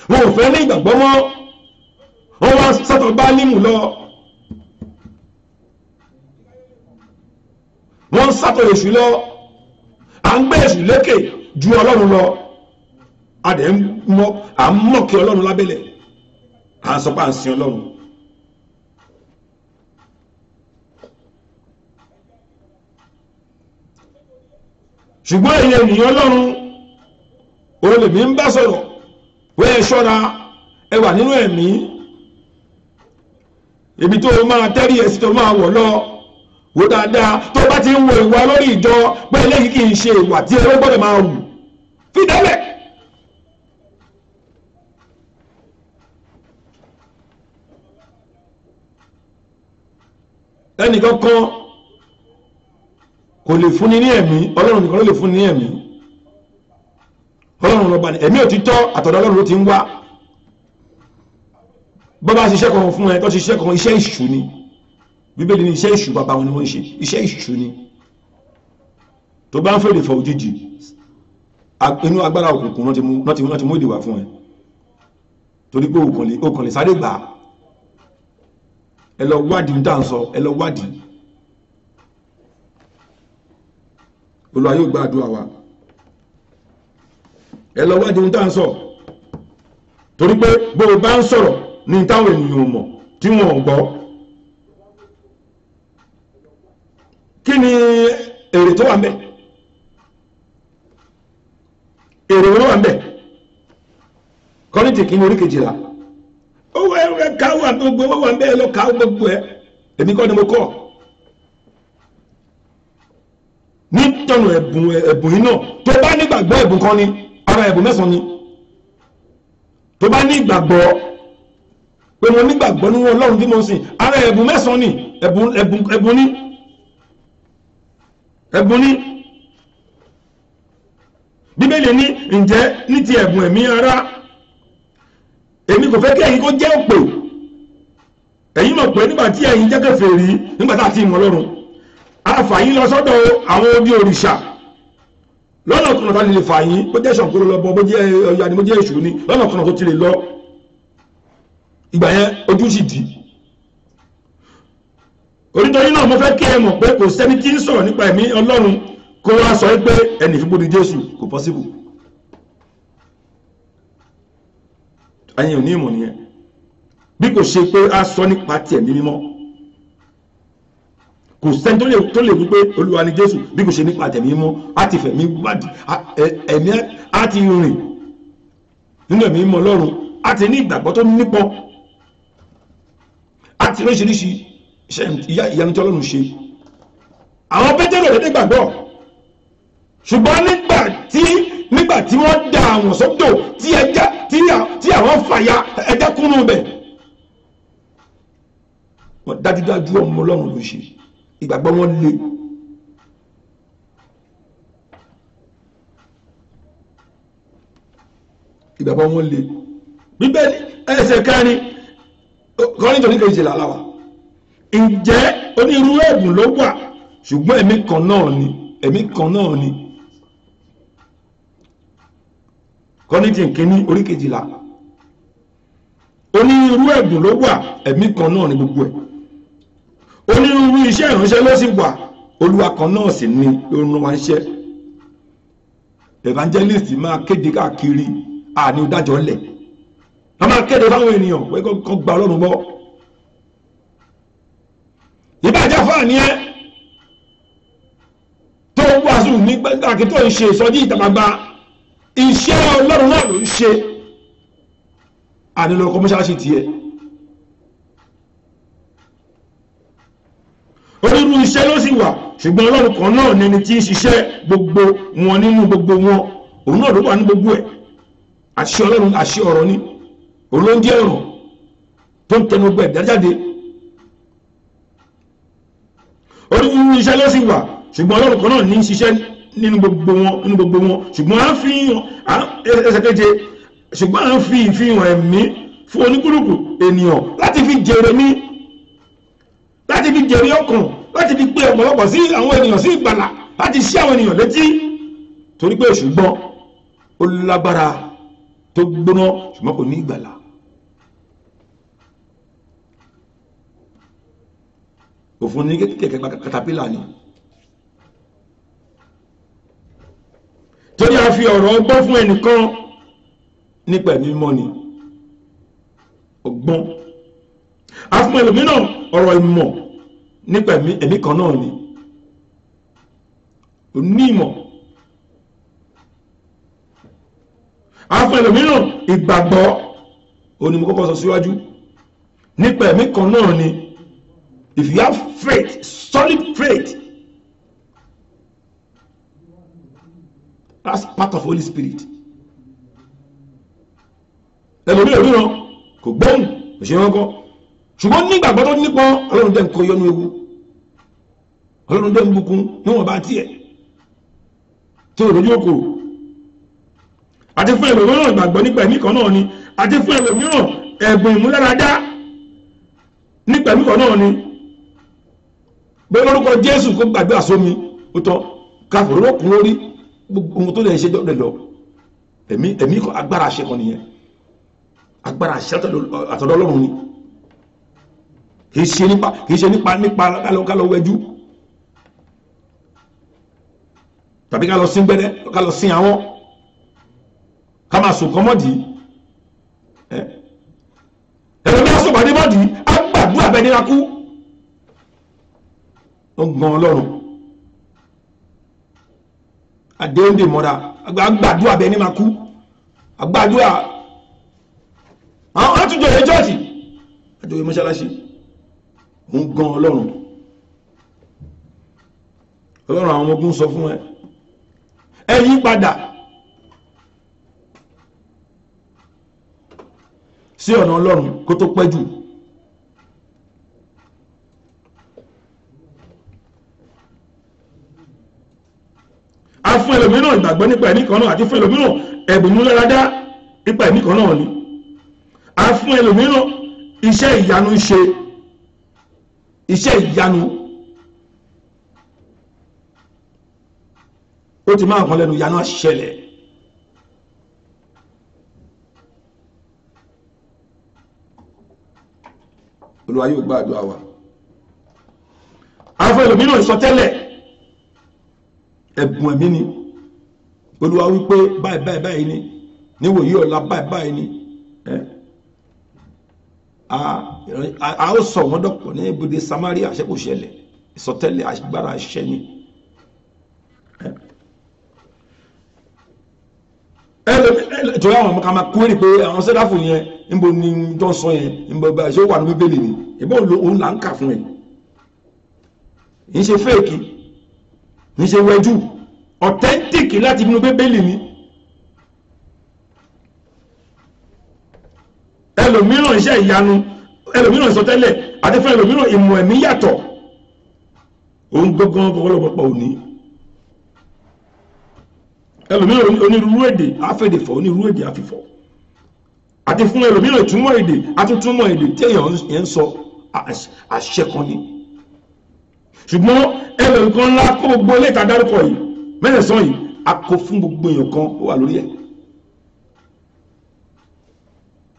wọn ò fẹ́ ní ìgbàgbọ́ mọ́ wọn wá sọ́tọ̀ bá nímù lọ wọ́n ń sátọ̀ èṣù lọ à ń gbé èṣù lékè ju ọlọ́run lọ a dẹ̀ ń mọ̀ kí ọlọ́run lábẹ́lẹ̀ à ń sọ pé à ń sin ọlọ́run ṣùgbọ́n ẹ̀yin ènìyàn ọlọ́run olèmí ń bá sọ̀rọ̀ wẹ́ ẹ ṣọ́ra ẹ wà nínú ẹ̀mí ibi tó máa tẹ́rí ẹ sí tó máa wọ̀ lọ wò dáadáa tó bá ti ń wo ìwà lórí ìjọ pé eléyìí kì í ṣe ìwà tí ẹ gbọ́dọ̀ máa wù fìdálẹ̀. ẹnìkan kan kò lè fúnni ní ẹ̀mí ọlọ́run nìkan ló lè fúnni ní ẹ̀mí ọlọ́run lọ́ba ni ẹ̀mí òtítọ́ àtọ̀dọ̀ ọlọ́run ló ti ń wá bọ́bá ṣiṣẹ́ kan fún ẹ tó ṣiṣẹ́ kan iṣẹ́ ìṣù ni bíbélì ni iṣẹ́ ìṣù bàbá wọn ni wọ́n ń ṣe iṣẹ́ ìṣù ni tó bá ń fèrè fọ òjijì inú agbára òkùnkùn náà ti mú ìdìwà fún ẹ torí pé òkànlè sáré gbà ẹ lọ wádìí ń tà ń sọ ẹ lọ wádìí olúwa yóò gbàdúrà wa ẹ lọ wá jẹun tá à ń sọ torí pé bó o bá ń sọ̀rọ̀ ní táwọn ènìyàn mọ̀ tí wọn gbọ́ kí ni èrè tó wà ń bẹ èrè wọn wà ń bẹ kọ́nìtì kí ni orí kejìlá ó wà ẹ ká wà gbogbo wà ń bẹ ẹ lọ ká gbogbo ẹ èmi kọ́ ni mo kọ́ ọ nítọ̀nà ẹ̀bùn ẹ̀bùn yìí náà tó bá nígbàgbọ́ ẹ̀bùn kan ni ara ẹ̀bùn mẹ́sàn-án ni tó bá nígbàgbọ́ pé mo nígbàgbọ́ nínú ọlọ́run bí mo sìn ara ẹ̀bùn mẹ́sàn-án ni ẹ̀bùn ni ẹ̀bùn ni bíbélì ní ǹjẹ́ ní ti ẹ̀bùn ẹ̀mí ara èmi kò fẹ́ kí ẹ̀yin kó jẹ́ òpè ẹ̀yin mọ̀ pé nígbà tí ẹ̀yin jẹ́ kèfèrí nígbà tá a ti mọ̀ ọlọ́run àfàyín lọ sọ́dọ̀ àwọn obi òrìṣà lọ́nà kan tó lè fàyín bó jẹ́ ṣàǹkóró lọ bọ́ bó jẹ́ ọya ni bó jẹ́ èṣù ni lọ́nà kan tó ti lè lọ ìgbà yẹn ojú sì dì onítorí náà mo fẹ́ kí ẹ mọ̀ pé kò sẹ́ni tí ń sọ̀rọ̀ nípa ẹ̀mí ọlọ́run kó wá sọ pé ẹnì fún gbóni jésù kò pọ́síbù ẹ̀yin ò ní ìmọ̀ nìyẹn bí kò ṣe pé a sọ nípa tiẹ̀ mímọ́ kò sẹ́ni tó lè wípé olúwa ni jésù bí kò ṣe nípa àtẹ̀mí mọ́ á ti fẹ̀mí wádìí ẹ̀mí á ti rìn nínú ẹ̀mí mọ́ ọlọ́run á ti ní ìgbàgbọ́ tó nípọn á ti ríṣiríṣi ìyanu tí ọlọ́run ṣe àwọn pétérò ló dé gbàgbọ́ ṣùgbọ́n nígbà tí nígbà tí wọ́n da àwọn sọ́dọ̀ tí ẹja tí àwọn fàya ẹja kúnnú bẹ̀ wọ́n dájúdájú ọmọ ọlọ́run ló ṣe ìgbàgbọ́ wọn le ìgbàgbọ́ wọn le bíbélì ẹsẹ̀ kẹrin kọrin tó ní kejì làláwa ǹjẹ́ onírúurú ẹ̀bùn ló wà ṣùgbọ́n ẹ̀mí kan náà ni ẹ̀mí kan náà ni kọ́nìtì kìíní orí là. onírúurú ẹ̀bùn ló wà ẹ̀mí kan náà ni gbogbo ẹ̀ onírúurú iṣẹ́ ìránṣẹ́ ló sì wà olúwa kan náà sì ni ó rán wa iṣẹ́ evangelist máa kéde káàkiri àní ìdájọ́ lẹ̀ wọ́n máa kéde fáwọn ènìyàn pé kọ́ gba ọlọ́run gbọ́ ìbàjẹ́ fáàní ẹ tó ń wàásù ní gbẹ́gbàkí tó ń ṣe ìsọjí ìtàgbàgbà iṣẹ́ ọlọ́run náà ló ń ṣe àní lọ́kọ́ mọ́ṣáláṣí tiẹ̀. onírú iṣẹ́ ló sì wà ṣùgbọ́n ọlọ́run kan náà nẹni tí ń ṣiṣẹ́ gbogbo wọn nínú gbogbo wọn òun náà ló wà ní gbogbo ẹ̀ àṣẹ ọlọ́run àṣẹ ọ̀rọ̀ ni òun ló ń jẹ́ ọ̀rọ̀ tó ń tẹnu gbẹ dájáde onírú iṣẹ́ ló sì wà ṣùgbọ́n ọlọ́run kan náà ní ń ṣiṣẹ́ nínú gbogbo wọn nínú gbogbo wọn ṣùgbọ́n à fi hàn ẹsẹ̀ keje ṣùgbọ́n à fi ìfihàn ẹ̀mí fún oníkúlùkù ènìyàn láti fi jèrè ní láti fi jèrè ọkàn láti fi pe ọ̀pọ̀lọpọ̀ sí àwọn ènìyàn sí ìgbàlà láti ṣí àwọn ènìyàn létí torí pé ṣùgbọ́n ó lágbára tó gbóná ṣùgbọ́n kò ní ìgbàlà òfin ní kẹ̀kẹ́ katapila ni torí a fi ọ̀rọ̀ ọgbọ́n fún ẹnìkan nípa ẹ̀mí mọ́ ni ọgbọ́n a fún ẹlòmíràn ọ̀rọ̀ ìmọ̀ nípa ẹ̀mí kan náà ni ò ní ìmọ̀ àwọn ẹlòmíràn ìgbàgbọ́ òní mo kọ́kọ́ sọ síwájú nípa ẹ̀mí kan náà ni if you have faith solid faith that's part of Holy Spirit ẹlòmíràn kò gbóhùn òṣèré wọn kọ́ ṣùgbọ́n ní ìgbàgbọ́ tó nípọ̀ ọlọ́run dẹ̀ ń kọ yọnu ewu ọlọ́run dẹ̀ ń bùkún níwọ̀n bá tiẹ̀ tí ò lójú òkòrò àti fún ẹ̀rọ mìíràn ìgbàgbọ́ nípa ẹ̀mí kan náà ni àti fún ẹ̀rọ mìíràn ẹ̀bùn ìmúláradá nípa ẹ̀mí kan náà ni bẹ́ẹ̀ lórúkọ Jésù kó gbàgbé àsomi ó tọ́ ká fòróró kún lórí ohun tó lè ṣe jọ́ lọ ẹ̀mí ẹ̀mí agbára àṣẹ kan nìyẹn agbára àṣẹ àtọ̀dọ̀ Ọlọ́run ni kì í ṣe nípa kì í ṣe nípa nípa ká lọ wẹjú tàbí ká lọ sí gbẹ́dẹ́ ká lọ sí àwọn ká máa sùn kọ́mọ́dì ẹ̀rọ bí wọ́n sọ̀rọ̀ ní mọ́dì á gbàdúrà bẹ́ẹ̀ nira kú ó gan ọlọ́run àdéhùndé mọ́ra agbàdúrà bẹ́ẹ̀ kú agbàdúrà àwọn àtúnjọ ìjọ́ọ̀sì àjọyọ̀ mọ́ṣáláṣí ń gan ọlọ́run ọlọ́run àwọn ogun sọ fún ẹ ẹ yí padà sí ọ̀nà ọlọ́run kó tó pẹ́ jù a fún ẹlòmíràn ìgbàgbọ́ nípa ẹ̀mí kan náà àti fún ẹlòmíràn ẹ̀bùn múlẹ́radá nípa ẹ̀mí kan náà ni a fún ẹlòmíràn iṣẹ́ ìyanu ṣe iṣẹ́ ìyanu ó ti máa kan lẹ́nu ìyanu àṣẹlẹ̀ olúwa yóò gbàdúrà wa àwọn ẹlòmíràn ìsọtẹ́lẹ̀ ẹ̀bùn ẹ̀mí ni olúwa wípé báyìí báyìí báyìí ni níwòyí ọ̀la báyìí báyìí ni ẹ́ eh? ah a ó sọ wọ́n dọ̀pọ̀ ní ibùdó Samaria àṣẹ kò ṣẹlẹ̀ ìsọtẹ́lẹ̀ agbára àṣẹ ni. torí àwọn ọmọ kan máa kú èrè pé àwọn sẹ́dáfù yẹn níbo ni tó ń sọ yẹn níbo bá ṣé ó wà ní bíbélì ni ìbọn òun là ń kà fún ẹ ń ṣe fẹ́ẹ̀kì ń ṣe wẹ́jú ọ̀tẹ́ntìkì láti inú bíbélì ni ẹlòmíràn iṣẹ́ ìyanu ẹlòmíràn sọ tẹ́lẹ̀ àti fún ẹlòmíràn ìmọ̀ ẹ̀mí yàtọ̀ òun gbọ́gbọ́n ọ̀pọ̀lọpọ̀ òní ẹlòmíràn onírúurú èdè afẹ́dẹ̀fọ̀ onírúurú èdè afẹ́fọ̀ àti fún ẹlòmíràn ìtumọ̀ èdè atútúmọ̀ èdè tí èèyàn ń sọ àṣẹ kan ni ṣùgbọ́n ẹlòmíràn kan ńlá kó gbogbo ilé ìta dárúkọ yìí mẹ́rẹ̀sán yìí a kó fún gbogbo èèyàn kan ó wà lórí ẹ̀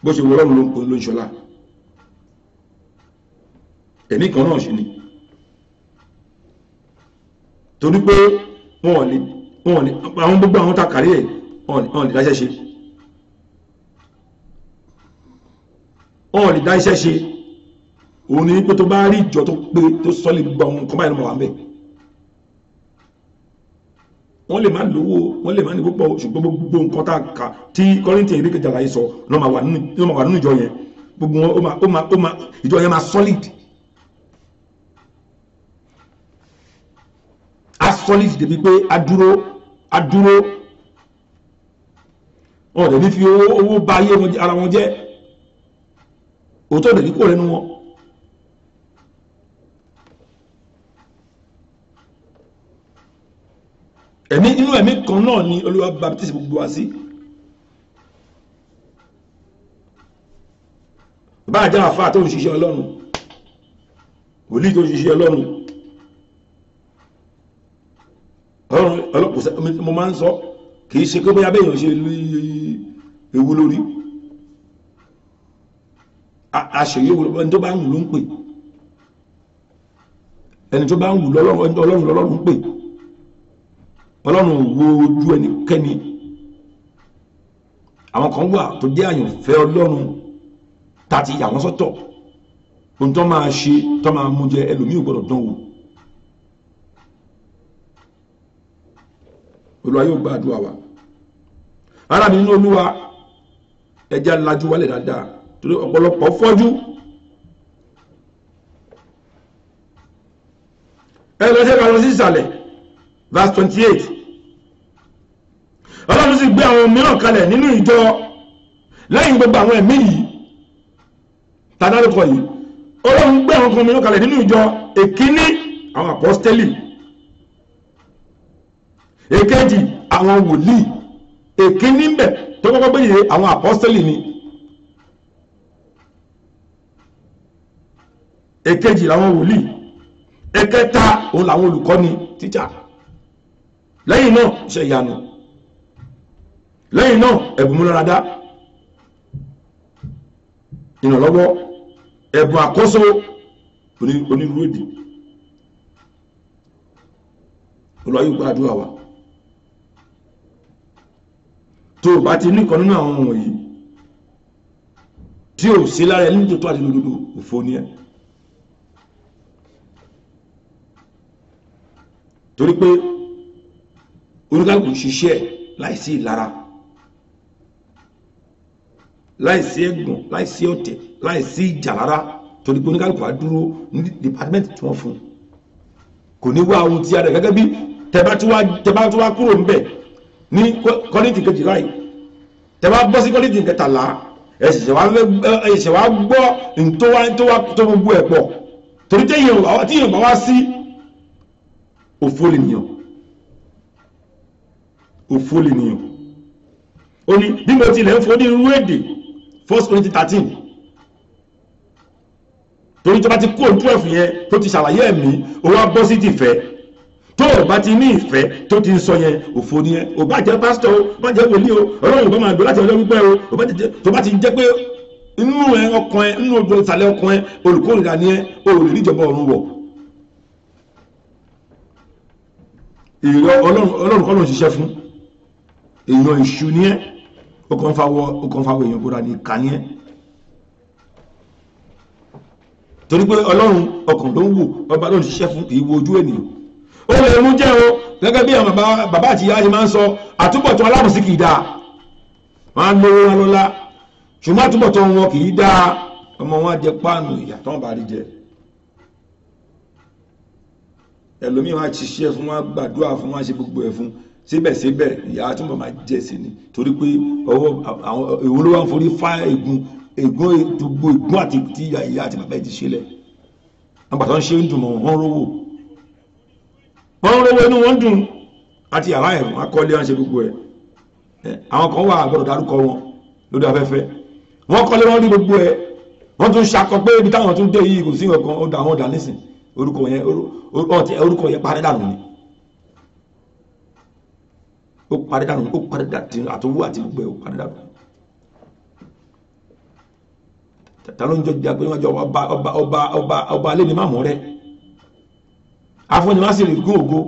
bó ṣe wọ́n lọ́rùn ló ń ṣọlá ẹ̀mí kan náà ṣe ni torí pé wọn ò lè wọn ò lè àwọn gbogbo àwọn takàrí ẹ̀ wọn ò lè dáṣẹ́ ṣe wọn ò lè dáṣẹ́ ṣe òun ni pé tó bá rí ìjọ tó pé tó sọ́lé gbogbo àwọn nǹkan báyìí ló máa wà ń bẹ̀ wọ́n lè má lówó wọ́n lè má ní púpọ̀ ṣùgbọ́n gbogbo nǹkan tá a kà tí kọ́rìntì ìrìkẹjà láyé sọ ló máa wà nínú ìjọ yẹn gbogbo wọn ó máa ìjọ yẹn máa solid solid débi pé adúró adúró wọn ò dẹ̀ ní fi owó owó bà ayé ara wọn jẹ́ òótọ́ dẹ̀ ní kò lẹ́nu wọn. ẹ̀mí inú ẹ̀mí kan náà ni olúwa baptist gbogbo wa sí bá àjá àfáà tó ń ṣiṣẹ́ ọlọ́run wòlíì tó ń ṣiṣẹ́ ọlọ́run ọlọ́run ọlọ́pùsẹ́ mo máa ń sọ kìí ṣe pé bóyá bẹ́yàn ṣe ewu lórí aṣèyí ẹni tó bá ń wù ló ń pè ẹni tó bá ń wù lọ́lọ́run lọ́lọ́run ń pè ọlọ́run wo ojú ẹnikẹ́ni àwọn kan wà tó jẹ́ àyànfẹ́ ọlọ́run tàti yà wọ́n sọ́tọ̀ ohun tó máa ṣe tó máa mú jẹ ẹlòmíì gbọ́dọ̀ dánwò olúwa yóò gba àdúrà wa ara mi nínú olúwa ẹja lajú wálẹ̀ dáadáa torí ọ̀pọ̀lọpọ̀ fọ́jú ẹ lọ lọ sí ìsàlẹ̀ verse twenty eight ọlọ́run sì gbé àwọn mìíràn kalẹ̀ nínú ìjọ lẹ́yìn gbogbo àwọn ẹ̀mí yìí tàdárúkọ yìí ọlọ́run gbé àwọn kan mìíràn kalẹ̀ nínú ìjọ èkíní àwọn àpọ́stẹ́lì èkejì àwọn wòlíì èkíní ń bẹ tó kọ́kọ́ gbé yìí àwọn apọ́sítẹ́lì ni èkejì làwọn wòlíì ẹ̀kẹta òun làwọn olùkọ́ni tíjà lẹ́yìn náà iṣẹ́ ìyanu lẹ́yìn náà ẹ̀bùn múláradá ìrànlọ́wọ́ ẹ̀bùn àkóso onírúurú èdè olùwàyí gbàdúrà wa tó o bá ti ní kan nínú àwọn ọmọ yìí tí o sí lára ẹni tó tó àti lòdòdò òfò ni ẹ torí pé oníkàkùn ṣiṣẹ́ láìsí ìlara láìsí ẹ̀gàn láìsí ọ̀tẹ̀ láìsí ìjà rárá torí pé oníkàlùkù á dúró ní dìpátímẹ́ǹtì tí wọ́n fún kò ní wá ohun tí a gẹ́gẹ́ bí tẹ́bá tí wá kúrò ń bẹ̀ ní kọ́lìtì kejìlá yìí tẹ́wàá bọ́ sí kọ́lìtì kẹtàlá ẹ̀ṣẹ̀ wá gbọ́ tó gbogbo ẹ̀ pọ̀ torí tí èèyàn bá wá sí òfó lè nìyàn òfó lè nìyàn ó ní bí mo tilẹ̀ ń fọ́ ní irú èdè first Corinthians thirteen torí tó bá ti kó òtú ẹ̀fù yẹn tó ti ṣàlàyé ẹ̀mí ó wá bọ́ sí tìfẹ́ tó o bá ti ní ìfẹ́ tó ti ń sọ yẹn òfò ni ẹ o bá jẹ́ pásítọ̀ o bá jẹ́ wòlíì o ọlọ́run bá máa gbọ́ láti ọjọ́ pípẹ́ o tó bá ti jẹ́ pé inú ẹ ọkàn ẹ inú ojú ìsàlẹ̀ ọkàn ẹ olùkórìíra ni ẹ o lè rí ìjọba ọ̀run wọ̀ ìrọ ọlọ́run kọ́ ló ń ṣiṣẹ́ fún èèyàn ìṣù ni ẹ ọkàn fáwọ ọkàn fáwọ èèyàn kóra ní ìka ni ẹ torí pé ọlọ́run ọkàn ló ń wò ọba ló ń ó lè mú jẹ́ o gẹ́gẹ́ bí àwọn bàbá àti ìyá yìí máa ń sọ àtúbọ̀tán alábòsí kì í dáa wọ́n á lówó wọn lọ́lá ṣùgbọ́n àtúbọ̀tán wọn kì í dáa ọmọ wọn á jẹ páànù ìyà tó ń bá rí jẹ ẹlòmíì wọn á ṣiṣẹ́ fún wọn gbàdúrà fún wọn á ṣe gbogbo ẹ̀ fún síbẹ̀síbẹ̀ ìyà àtúbọ̀ máa jẹ sí ni torí pé ọwọ́ àwọn èwo ló wà ń forí fá ègún ègún gbogbo ègún àti ìyà àti bàbá ẹ̀ ti ṣe lẹ̀ wọn ṣe ń dùn mọ́ wọn rówó wọ́n ń rówó inú wọn dùn àti yàrá ẹ̀ wọ́n kọ́lé wọn ṣe gbogbo ẹ̀ àwọn kan wà àgbọ̀dọ̀ dárúkọ wọn lórí afẹ́fẹ́ wọ́n kọ́lé wọn rí gbogbo ẹ̀ wọ́n tún ṣakọ pé ibi táwọn tún dé yìí kò sí nǹkan ó dà wọ́n dà nísìn orúkọ yẹn orúkọ yẹn parí dànù ni ó parí dànù ó parí dànù àtúwò àti gbogbo ẹ̀ ó parí dànù tàló ń jọ jà pé wọ́n jọ ọba ọba ọba ọba alẹ́ ni máàmù rẹ̀ afọ́ni má sì rí gún ògo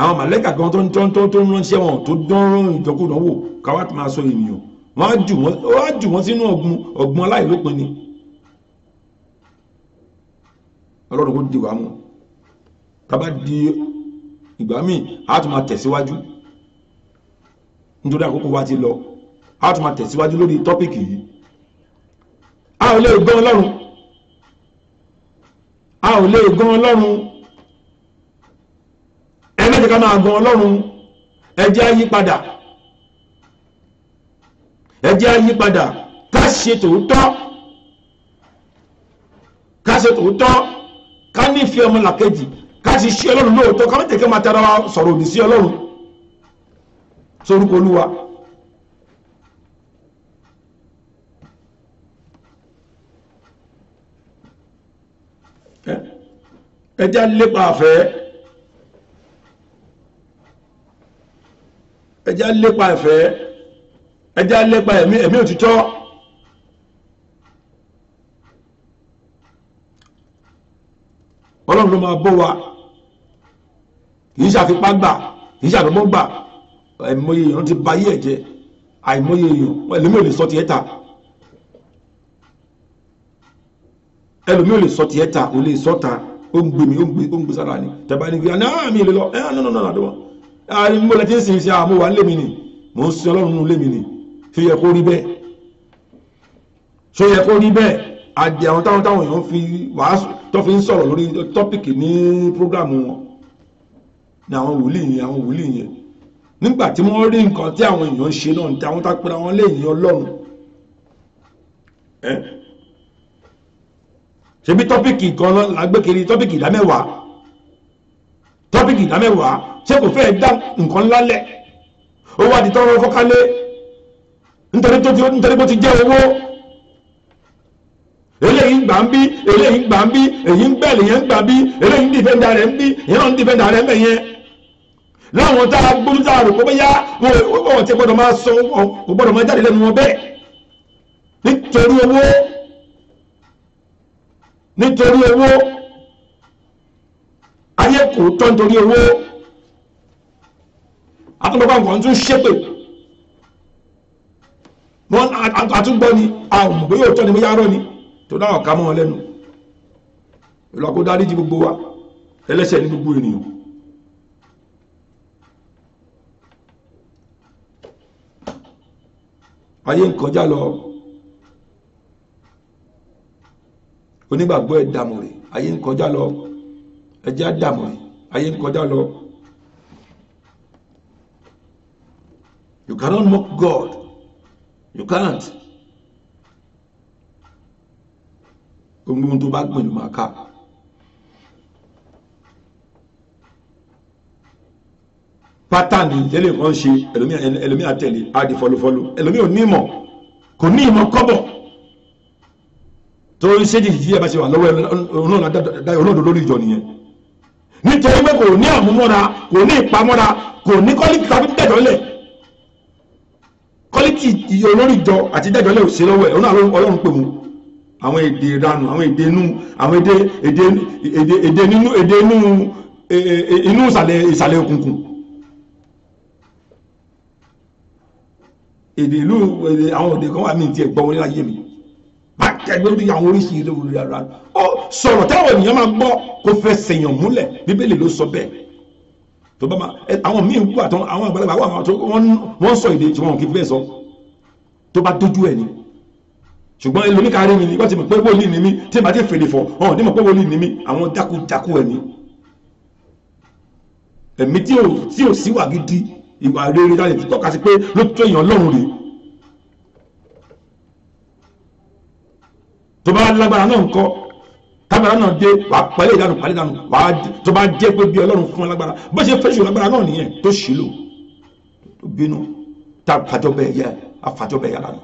àwọn màlẹ́kà kan tó ń tọ́ tó tó ń ránṣẹ́ wọn tó dánrán ìjọkúdán wò káwá ti máa sọ ènìyàn wọ́n á jù wọ́n sínú ọ̀gbun ọ̀gbun aláìlópin ni ọlọ́run kò di wàá mú tábà di ìgbà míì a tún máa tẹ̀síwájú nítorí àkókò wa ti lọ a tún máa tẹ̀síwájú lórí tọ́pìkì yìí a ò lè gbọ́ ọlọ́run a ò lè gan ọlọ́run ẹ má jẹ́ ká máa gan ọlọ́run ẹ jẹ́ àyípadà ẹ jẹ́ àyípadà ká ṣe tòótọ́ ká ṣe tòótọ́ ká nífẹ̀ẹ́ ọmọlàkejì ọlọ́run lóòótọ́ ká má máa tara sọ̀rọ̀ òdì sí ọlọ́run sorúkọ olúwa. ẹjẹ́ lépa àfẹ́ ẹjẹ́ lépa àfẹ́ ẹjẹ́ lépa ẹ̀mí ẹ̀mí òtítọ́ ọlọ́run ló máa bọ́ wa kìí ṣàfipá gbà kìí ṣàfimọ́ gbà àìmọye èèyàn ti bayé ẹ̀jẹ̀ àìmọye èèyàn ẹlòmí ò lè sọ tiẹ̀ ta ẹlòmí ò lè sọ tiẹ̀ ta ò lè sọ ta ó ń gbèmí ó ń gbé ó ń gbé sára ni tẹ̀bá ní gbéra náà ah, mi lè lọ ẹ̀ nínú náà àdúgbò ààrẹ mo lè ti ń sin sí àmọ́ wà lémi ni mò ń sin ọlọ́run nínú lémi ni ṣó yẹ kó rí bẹ́ẹ̀ ṣó yẹ kó rí bẹ́ẹ̀ àdì àwọn táwọn táwọn èèyàn fi wàásù tó fi ń sọ̀rọ̀ lórí tọ́pìkì ní prógrámù wọn ni àwọn wòlíì yẹn àwọn wòlíì yẹn nígbà tí wọ́n rí nǹkan tí àwọn èèyàn ń ṣe náà ní àwọn tá a pera wọn ṣebí tọ́pìkì kan lágbékiri tọ́pìkì ìdámẹ́wàá tọ́pìkì ìdámẹ́wàá ṣé kò fẹ́ẹ́ dá nǹkan ńlá lẹ̀ ó wá di tọ́rọ fọ́kálé nítorí tó ti nítorí bó ti jẹ́ owó eléyìí gbà ń bí eléyìí gbà ń bí èyí ń bẹ́ẹ̀lì yẹn ń gbà bí eléyìí ń dìfẹ́ndà rẹ̀ ń bí ìyẹn náà ń dìfẹ́ndà rẹ̀ ń bẹ̀ yẹn láwọn tá a gbójú tá a rò pé yá wọn ò tí gbọ́dọ̀ máa sọ kò gbọ́dọ̀ máa jáde lẹ́nu wọn bẹ́ẹ̀ nítorí owó nítorí owó ayé kò tọ́ nítorí owó àtúnbọ̀pá nǹkan tún ṣépè wọ́n àtúgbọ́ ni àwọn òmùgbé yóò tọ́ ni bóyá rọ́ ni tó dáhùn ká mọ́ wọn lẹ́nu ìlú àkó dáríjì gbogbo wa ẹlẹ́ṣẹ̀ ní gbogbo ènìyàn ayé ń kọjá lọ onígbàgbọ́ ẹ̀ dààmú rẹ̀ ayé ń kọjá lọ ẹ̀jẹ̀ dààmú rẹ̀ ayé ń kọjá lọ. You cannot mock God. You can't. gbogbo ohun tó bá gbìn ló ká. pátánì tẹ́lẹ̀ kan ṣe ẹlòmíà tẹ̀lé á di fọlọ́fọlọ́ ẹlòmíà ò ní ìmọ̀ kò ní ìmọ̀ kọ́bọ̀ tó ń ṣe jìjì ẹ̀ bá ṣe wà lọ́wọ́ olóòdò lórí ìjọ nìyẹn nítorí pé kò ní àmúmọ́ra kò ní ìpamọ́ra kò ní kọ́líkì tàbí dẹ̀dọ́lẹ̀ kọ́líkì iye olórí ìjọ àti dẹ̀dọ́lẹ̀ ò ṣe lọ́wọ́ ẹ̀ ọlọ́run pè mú àwọn èdè ìranù àwọn èdè inú àwọn èdè èdè nínú èdè inú e, e, e, inú ìsàlẹ̀ ìsàlẹ̀ òkùnkùn èdè ìlú àwọn òde kan wà ní ti ẹ̀gbọ́n wọlé láyé mi bàtẹ́gbẹ́ tó yà àwọn oríṣi ilé orí ara ó sọ̀rọ̀ táwọn ènìyàn máa gbọ́ kó fẹ́ sèyàn múlẹ̀ bíbélì ló sọ bẹ́ẹ̀ tó bá ma àwọn míì ń kú àtàwọn àwọn àgbàlagbà àwọn àwọn tó wọ́n sọ èdè tí wọn kì í bẹ́ẹ̀ sọ tó bá dójú ẹ̀ ni ṣùgbọ́n ẹlòmíkà rí mi ni wọ́n ti mọ̀ pé wòlíì ni mí tí màá ti fèrè fọ̀ ọ̀hún ní mọ̀ pé wòlíì ni mí àwọn jákujáku ẹ̀ ni ẹ̀mí tí ò sí wà gidi ìwà rere láti tọ́ka sí pé ló tó èèyàn lọ́rùn rèé tó bá lágbára náà ń kọ́ tábàrà náà dé wà pálẹ̀ ìdánù pálẹ̀ ìdánù wà á tó bá jẹ́ pé bí ọlọ́run fún lágbára bó ṣe fẹ́ ṣù lágbára náà nìyẹn tó ṣì lò tó bínú tá àfàjọ bẹ́ẹ̀ yẹ àfàjọ bẹ́ẹ̀ yàrá nù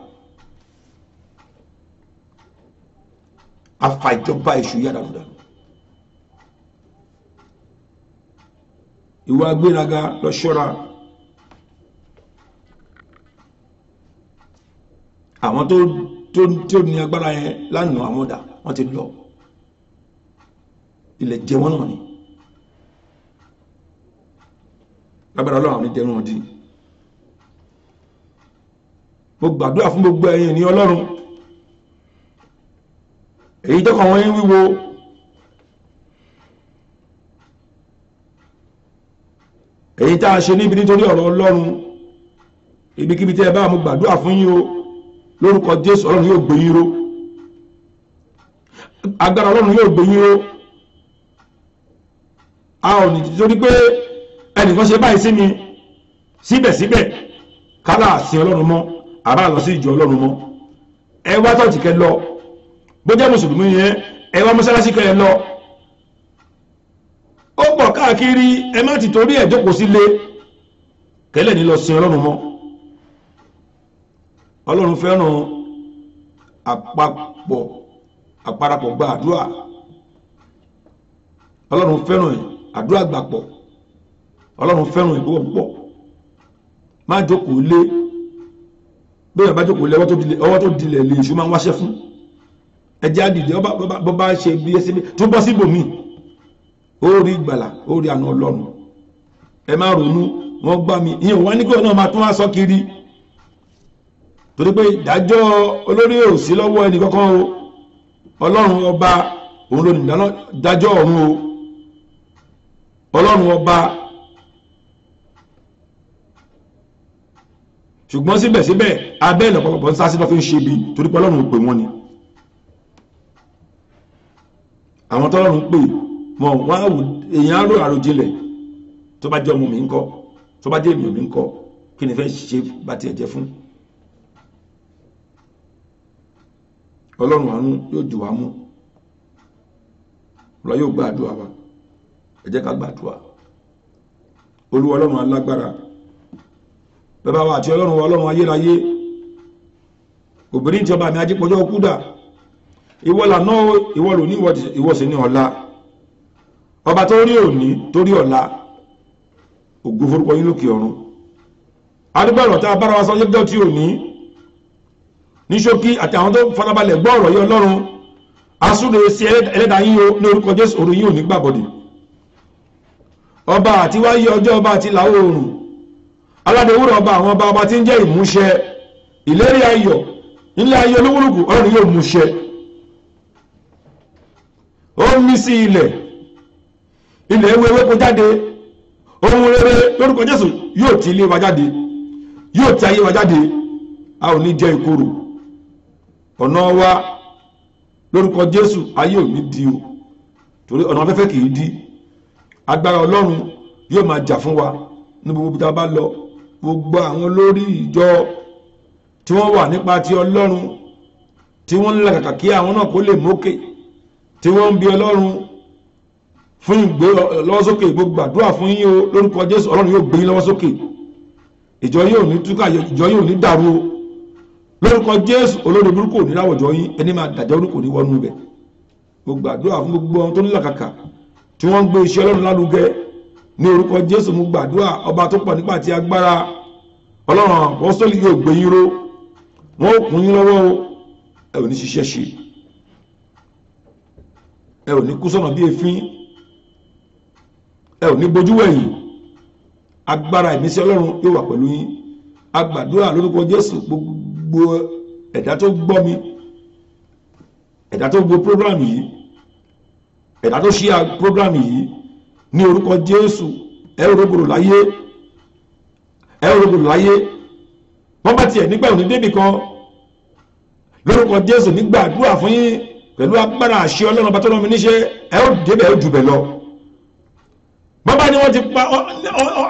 àfàjọba èṣù yàrá nù dànù ìwà gbéraga lọ ṣọ́ra àwọn tó tó tí ní agbára yẹn lánàá àwọn dà wọ́n ti lọ ilẹ̀ jẹ náà ni agbára ọlọ́run àwọn oníjẹun ọdí mo gbàdúrà fún gbogbo ẹ̀yin ní ọlọ́run èyí tó kàn wọ́n yín wíwo èyí tá a ṣe níbi nítorí ọ̀rọ̀ ọlọ́run ibikíbi tẹ́ ẹ bá mo gbàdúrà fún yín o lórúkọ jésù ọlọ́run yóò gbé yín ró agbára ọlọ́run yóò gbé yín ró a ò ní torí pé ẹnìkan ṣe báyìí sí mi síbẹ̀síbẹ̀ kálá sí ọlọ́run mọ́ àbá lọ sí ìjọ ọlọ́run mọ́ ẹ wá tọ́ọ̀tì kẹ lọ bó jẹ́ mùsùlùmí yẹn ẹ wá mọ́sálásí kẹ lọ ó pọ̀ káàkiri ẹ má ti torí ẹ̀ jókòó sílé kẹlẹ́ ní lọ sin ọlọ́run mọ́ ọlọ́run fẹ́ràn àpapọ̀ àparapọ̀ gba àdúrà ọlọ́run fẹ́ràn àdúrà gbàpọ̀ ọlọ́run fẹ́ràn ìbúwọ̀ púpọ̀ má jókòó lé bẹ́ẹ̀ bá jókòó lé ọwọ́ tó dilẹ̀ lè ṣú máa ń wáṣẹ́ fún ẹjẹ́ àdìdẹ́ bọ́ bá ṣe bí ẹsẹ̀ bí tó bọ́ síbòmí ó rí ìgbàlà ó rí àna ọlọ́run ẹ má ronú wọ́n gbá mi ìyẹn wọ́n ní kí wọ́n náà máa tún wá sọ kiri torí pé ìdájọ́ olórí ò sí lọ́wọ́ ẹnì kankan o ọlọ́run ọba òun ló nìdájọ́ ọ̀run o ọlọ́run ọba ṣùgbọ́n síbẹ̀síbẹ̀ abẹ́ ìlọ̀pọ̀lọpọ̀ ń sásí lọ fi ń ṣe bí torí pé ọlọ́run pè wọ́n ni àwọn tọ́lọ́run pè wọn wọn á wù èèyàn á rò àròjinlẹ̀ tó bá jẹ́ ọmọ mi ń kọ́ tó bá jẹ́ èmi ò mi ń kọ́ kí ni fẹ́ ṣe bá tiẹ̀ jẹ́ fún un ọlọ́run àánú yóò jù wá mú ọlọ́ yóò gbàdúrà wa ẹ jẹ́ ká gbàdúrà olúwa ọlọ́run alágbára bàbá wa àti ọlọ́run wa ọlọ́run ayérayé obìnrin tí ọba mi ajípọ̀jọ́ kúdà ìwọ lànà ìwọ lò ní ìwọ ní ọ̀la ọba tó rí òní tó rí ọ̀la ògo forúkọ yín lókè ọ̀run adúgbò ọ̀rọ̀ tá a bára wa sọ yẹ́gbẹ́ tí òní ní ṣókí àti àwọn tó farabalẹ̀ gbọ́ ọ̀rọ̀ yìí ọlọ́run asúre sí ẹlẹ́dà yín o ní orúkọ jésù òru yín ò ní gbàbọ̀dẹ̀ ọba àti wáyé ọjọ́ ọba àti ìlà oòrùn aládéwúrọ̀ ọba àwọn ọba ọba tí ń jẹ́ ìmúṣẹ ìlérí ayọ̀ nílé ayé olúwúrúkú ọ̀rọ̀ yóò múṣẹ ó ń mí sí ilẹ̀ ilẹ̀ ewu ewéko jáde ohun rere lórúkọ jésù yóò ti ilé wa jáde yóò ti ayé wa jáde a ò ní jẹ ìkorò ọ̀nà wa lórúkọ jésù ayé ò ní di o torí ọ̀nà afẹ́fẹ́ kì í di agbára ọlọ́run yóò máa jà fún wa ní gbogbo tá a bá lọ gbogbo àwọn olórí ìjọ tí wọ́n wà nípa ti ọlọ́run tí wọ́n ń làkàkà kí àwọn náà kó lè mókè tí wọ́n ń bi ọlọ́run fún ìgbé lọ́wọ́sókè gbogbo àdúrà fún yín o lórúkọ jésù ọlọ́run yóò gbé yín lọ́wọ́sókè ìjọ yóò ní túkà ìjọ yóò ní dàrú o lórúkọ jésù olórí burúkú ò ní láwùjọ yín ẹni máa dàjẹ́ orúkọ ní wọnú ibẹ̀ mo gbàdúrà fún gbogbo ohun tó ń làkàkà tí wọ́n ń gbé iṣẹ́ ọlọ́run lálùgẹ́ ní orúkọ jésù mo gbàdúrà ọba tó pọ̀ nípa ti agbára ọlọ́run apọ́sítélì yóò gbé yín ró wọn ò kún yín lọ́wọ́ ẹ ò ní ṣiṣẹ́ ṣe ẹ ò ní kú sọ̀nà bí èéfín ẹ ò ní bojú wẹ̀yìn agbára ìmísí ọlọ́run yóò wà pẹ̀lú yín agbàdúrà lórúkọ jésù gbogbo ẹ̀dá tó gbọ́ mi ẹ̀dá tó gbọ́ program yìí ẹ̀dá tó ṣí program yìí ní orúkọ jésù ẹ rògbòrò láyé ẹ rògbòrò láyé wọ́n bá tiẹ̀ nígbà òní débì kan lórúkọ jésù nígbà àdúrà fún yín pẹ̀lú agbára àṣẹ ọlọ́run ọba tó rán mi níṣẹ́ ẹ ó débẹ̀ ẹ ó jù bẹ̀ lọ bọ́bá ni wọ́n ti pa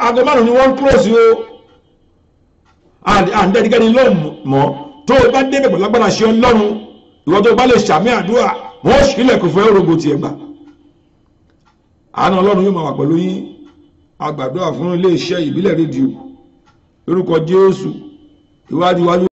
aago márùn-ún ni wọ́n ń close o àǹdẹ́dígẹ́ni ló mọ̀ tó o bá débẹ̀ pẹ̀lú agbára ṣe ọlọ́run ìwọ tó o bá lè ṣàmì àdúrà wọn ó ṣílẹ̀ kò fẹ́ orogo tiẹ̀ gbà àánú ọlọ́run yóò máa wà pẹ̀lú yín àgbàdo àfún iléeṣẹ́ ìbílẹ̀ rédíò lórúkọ Jésù ìwádìí wájú.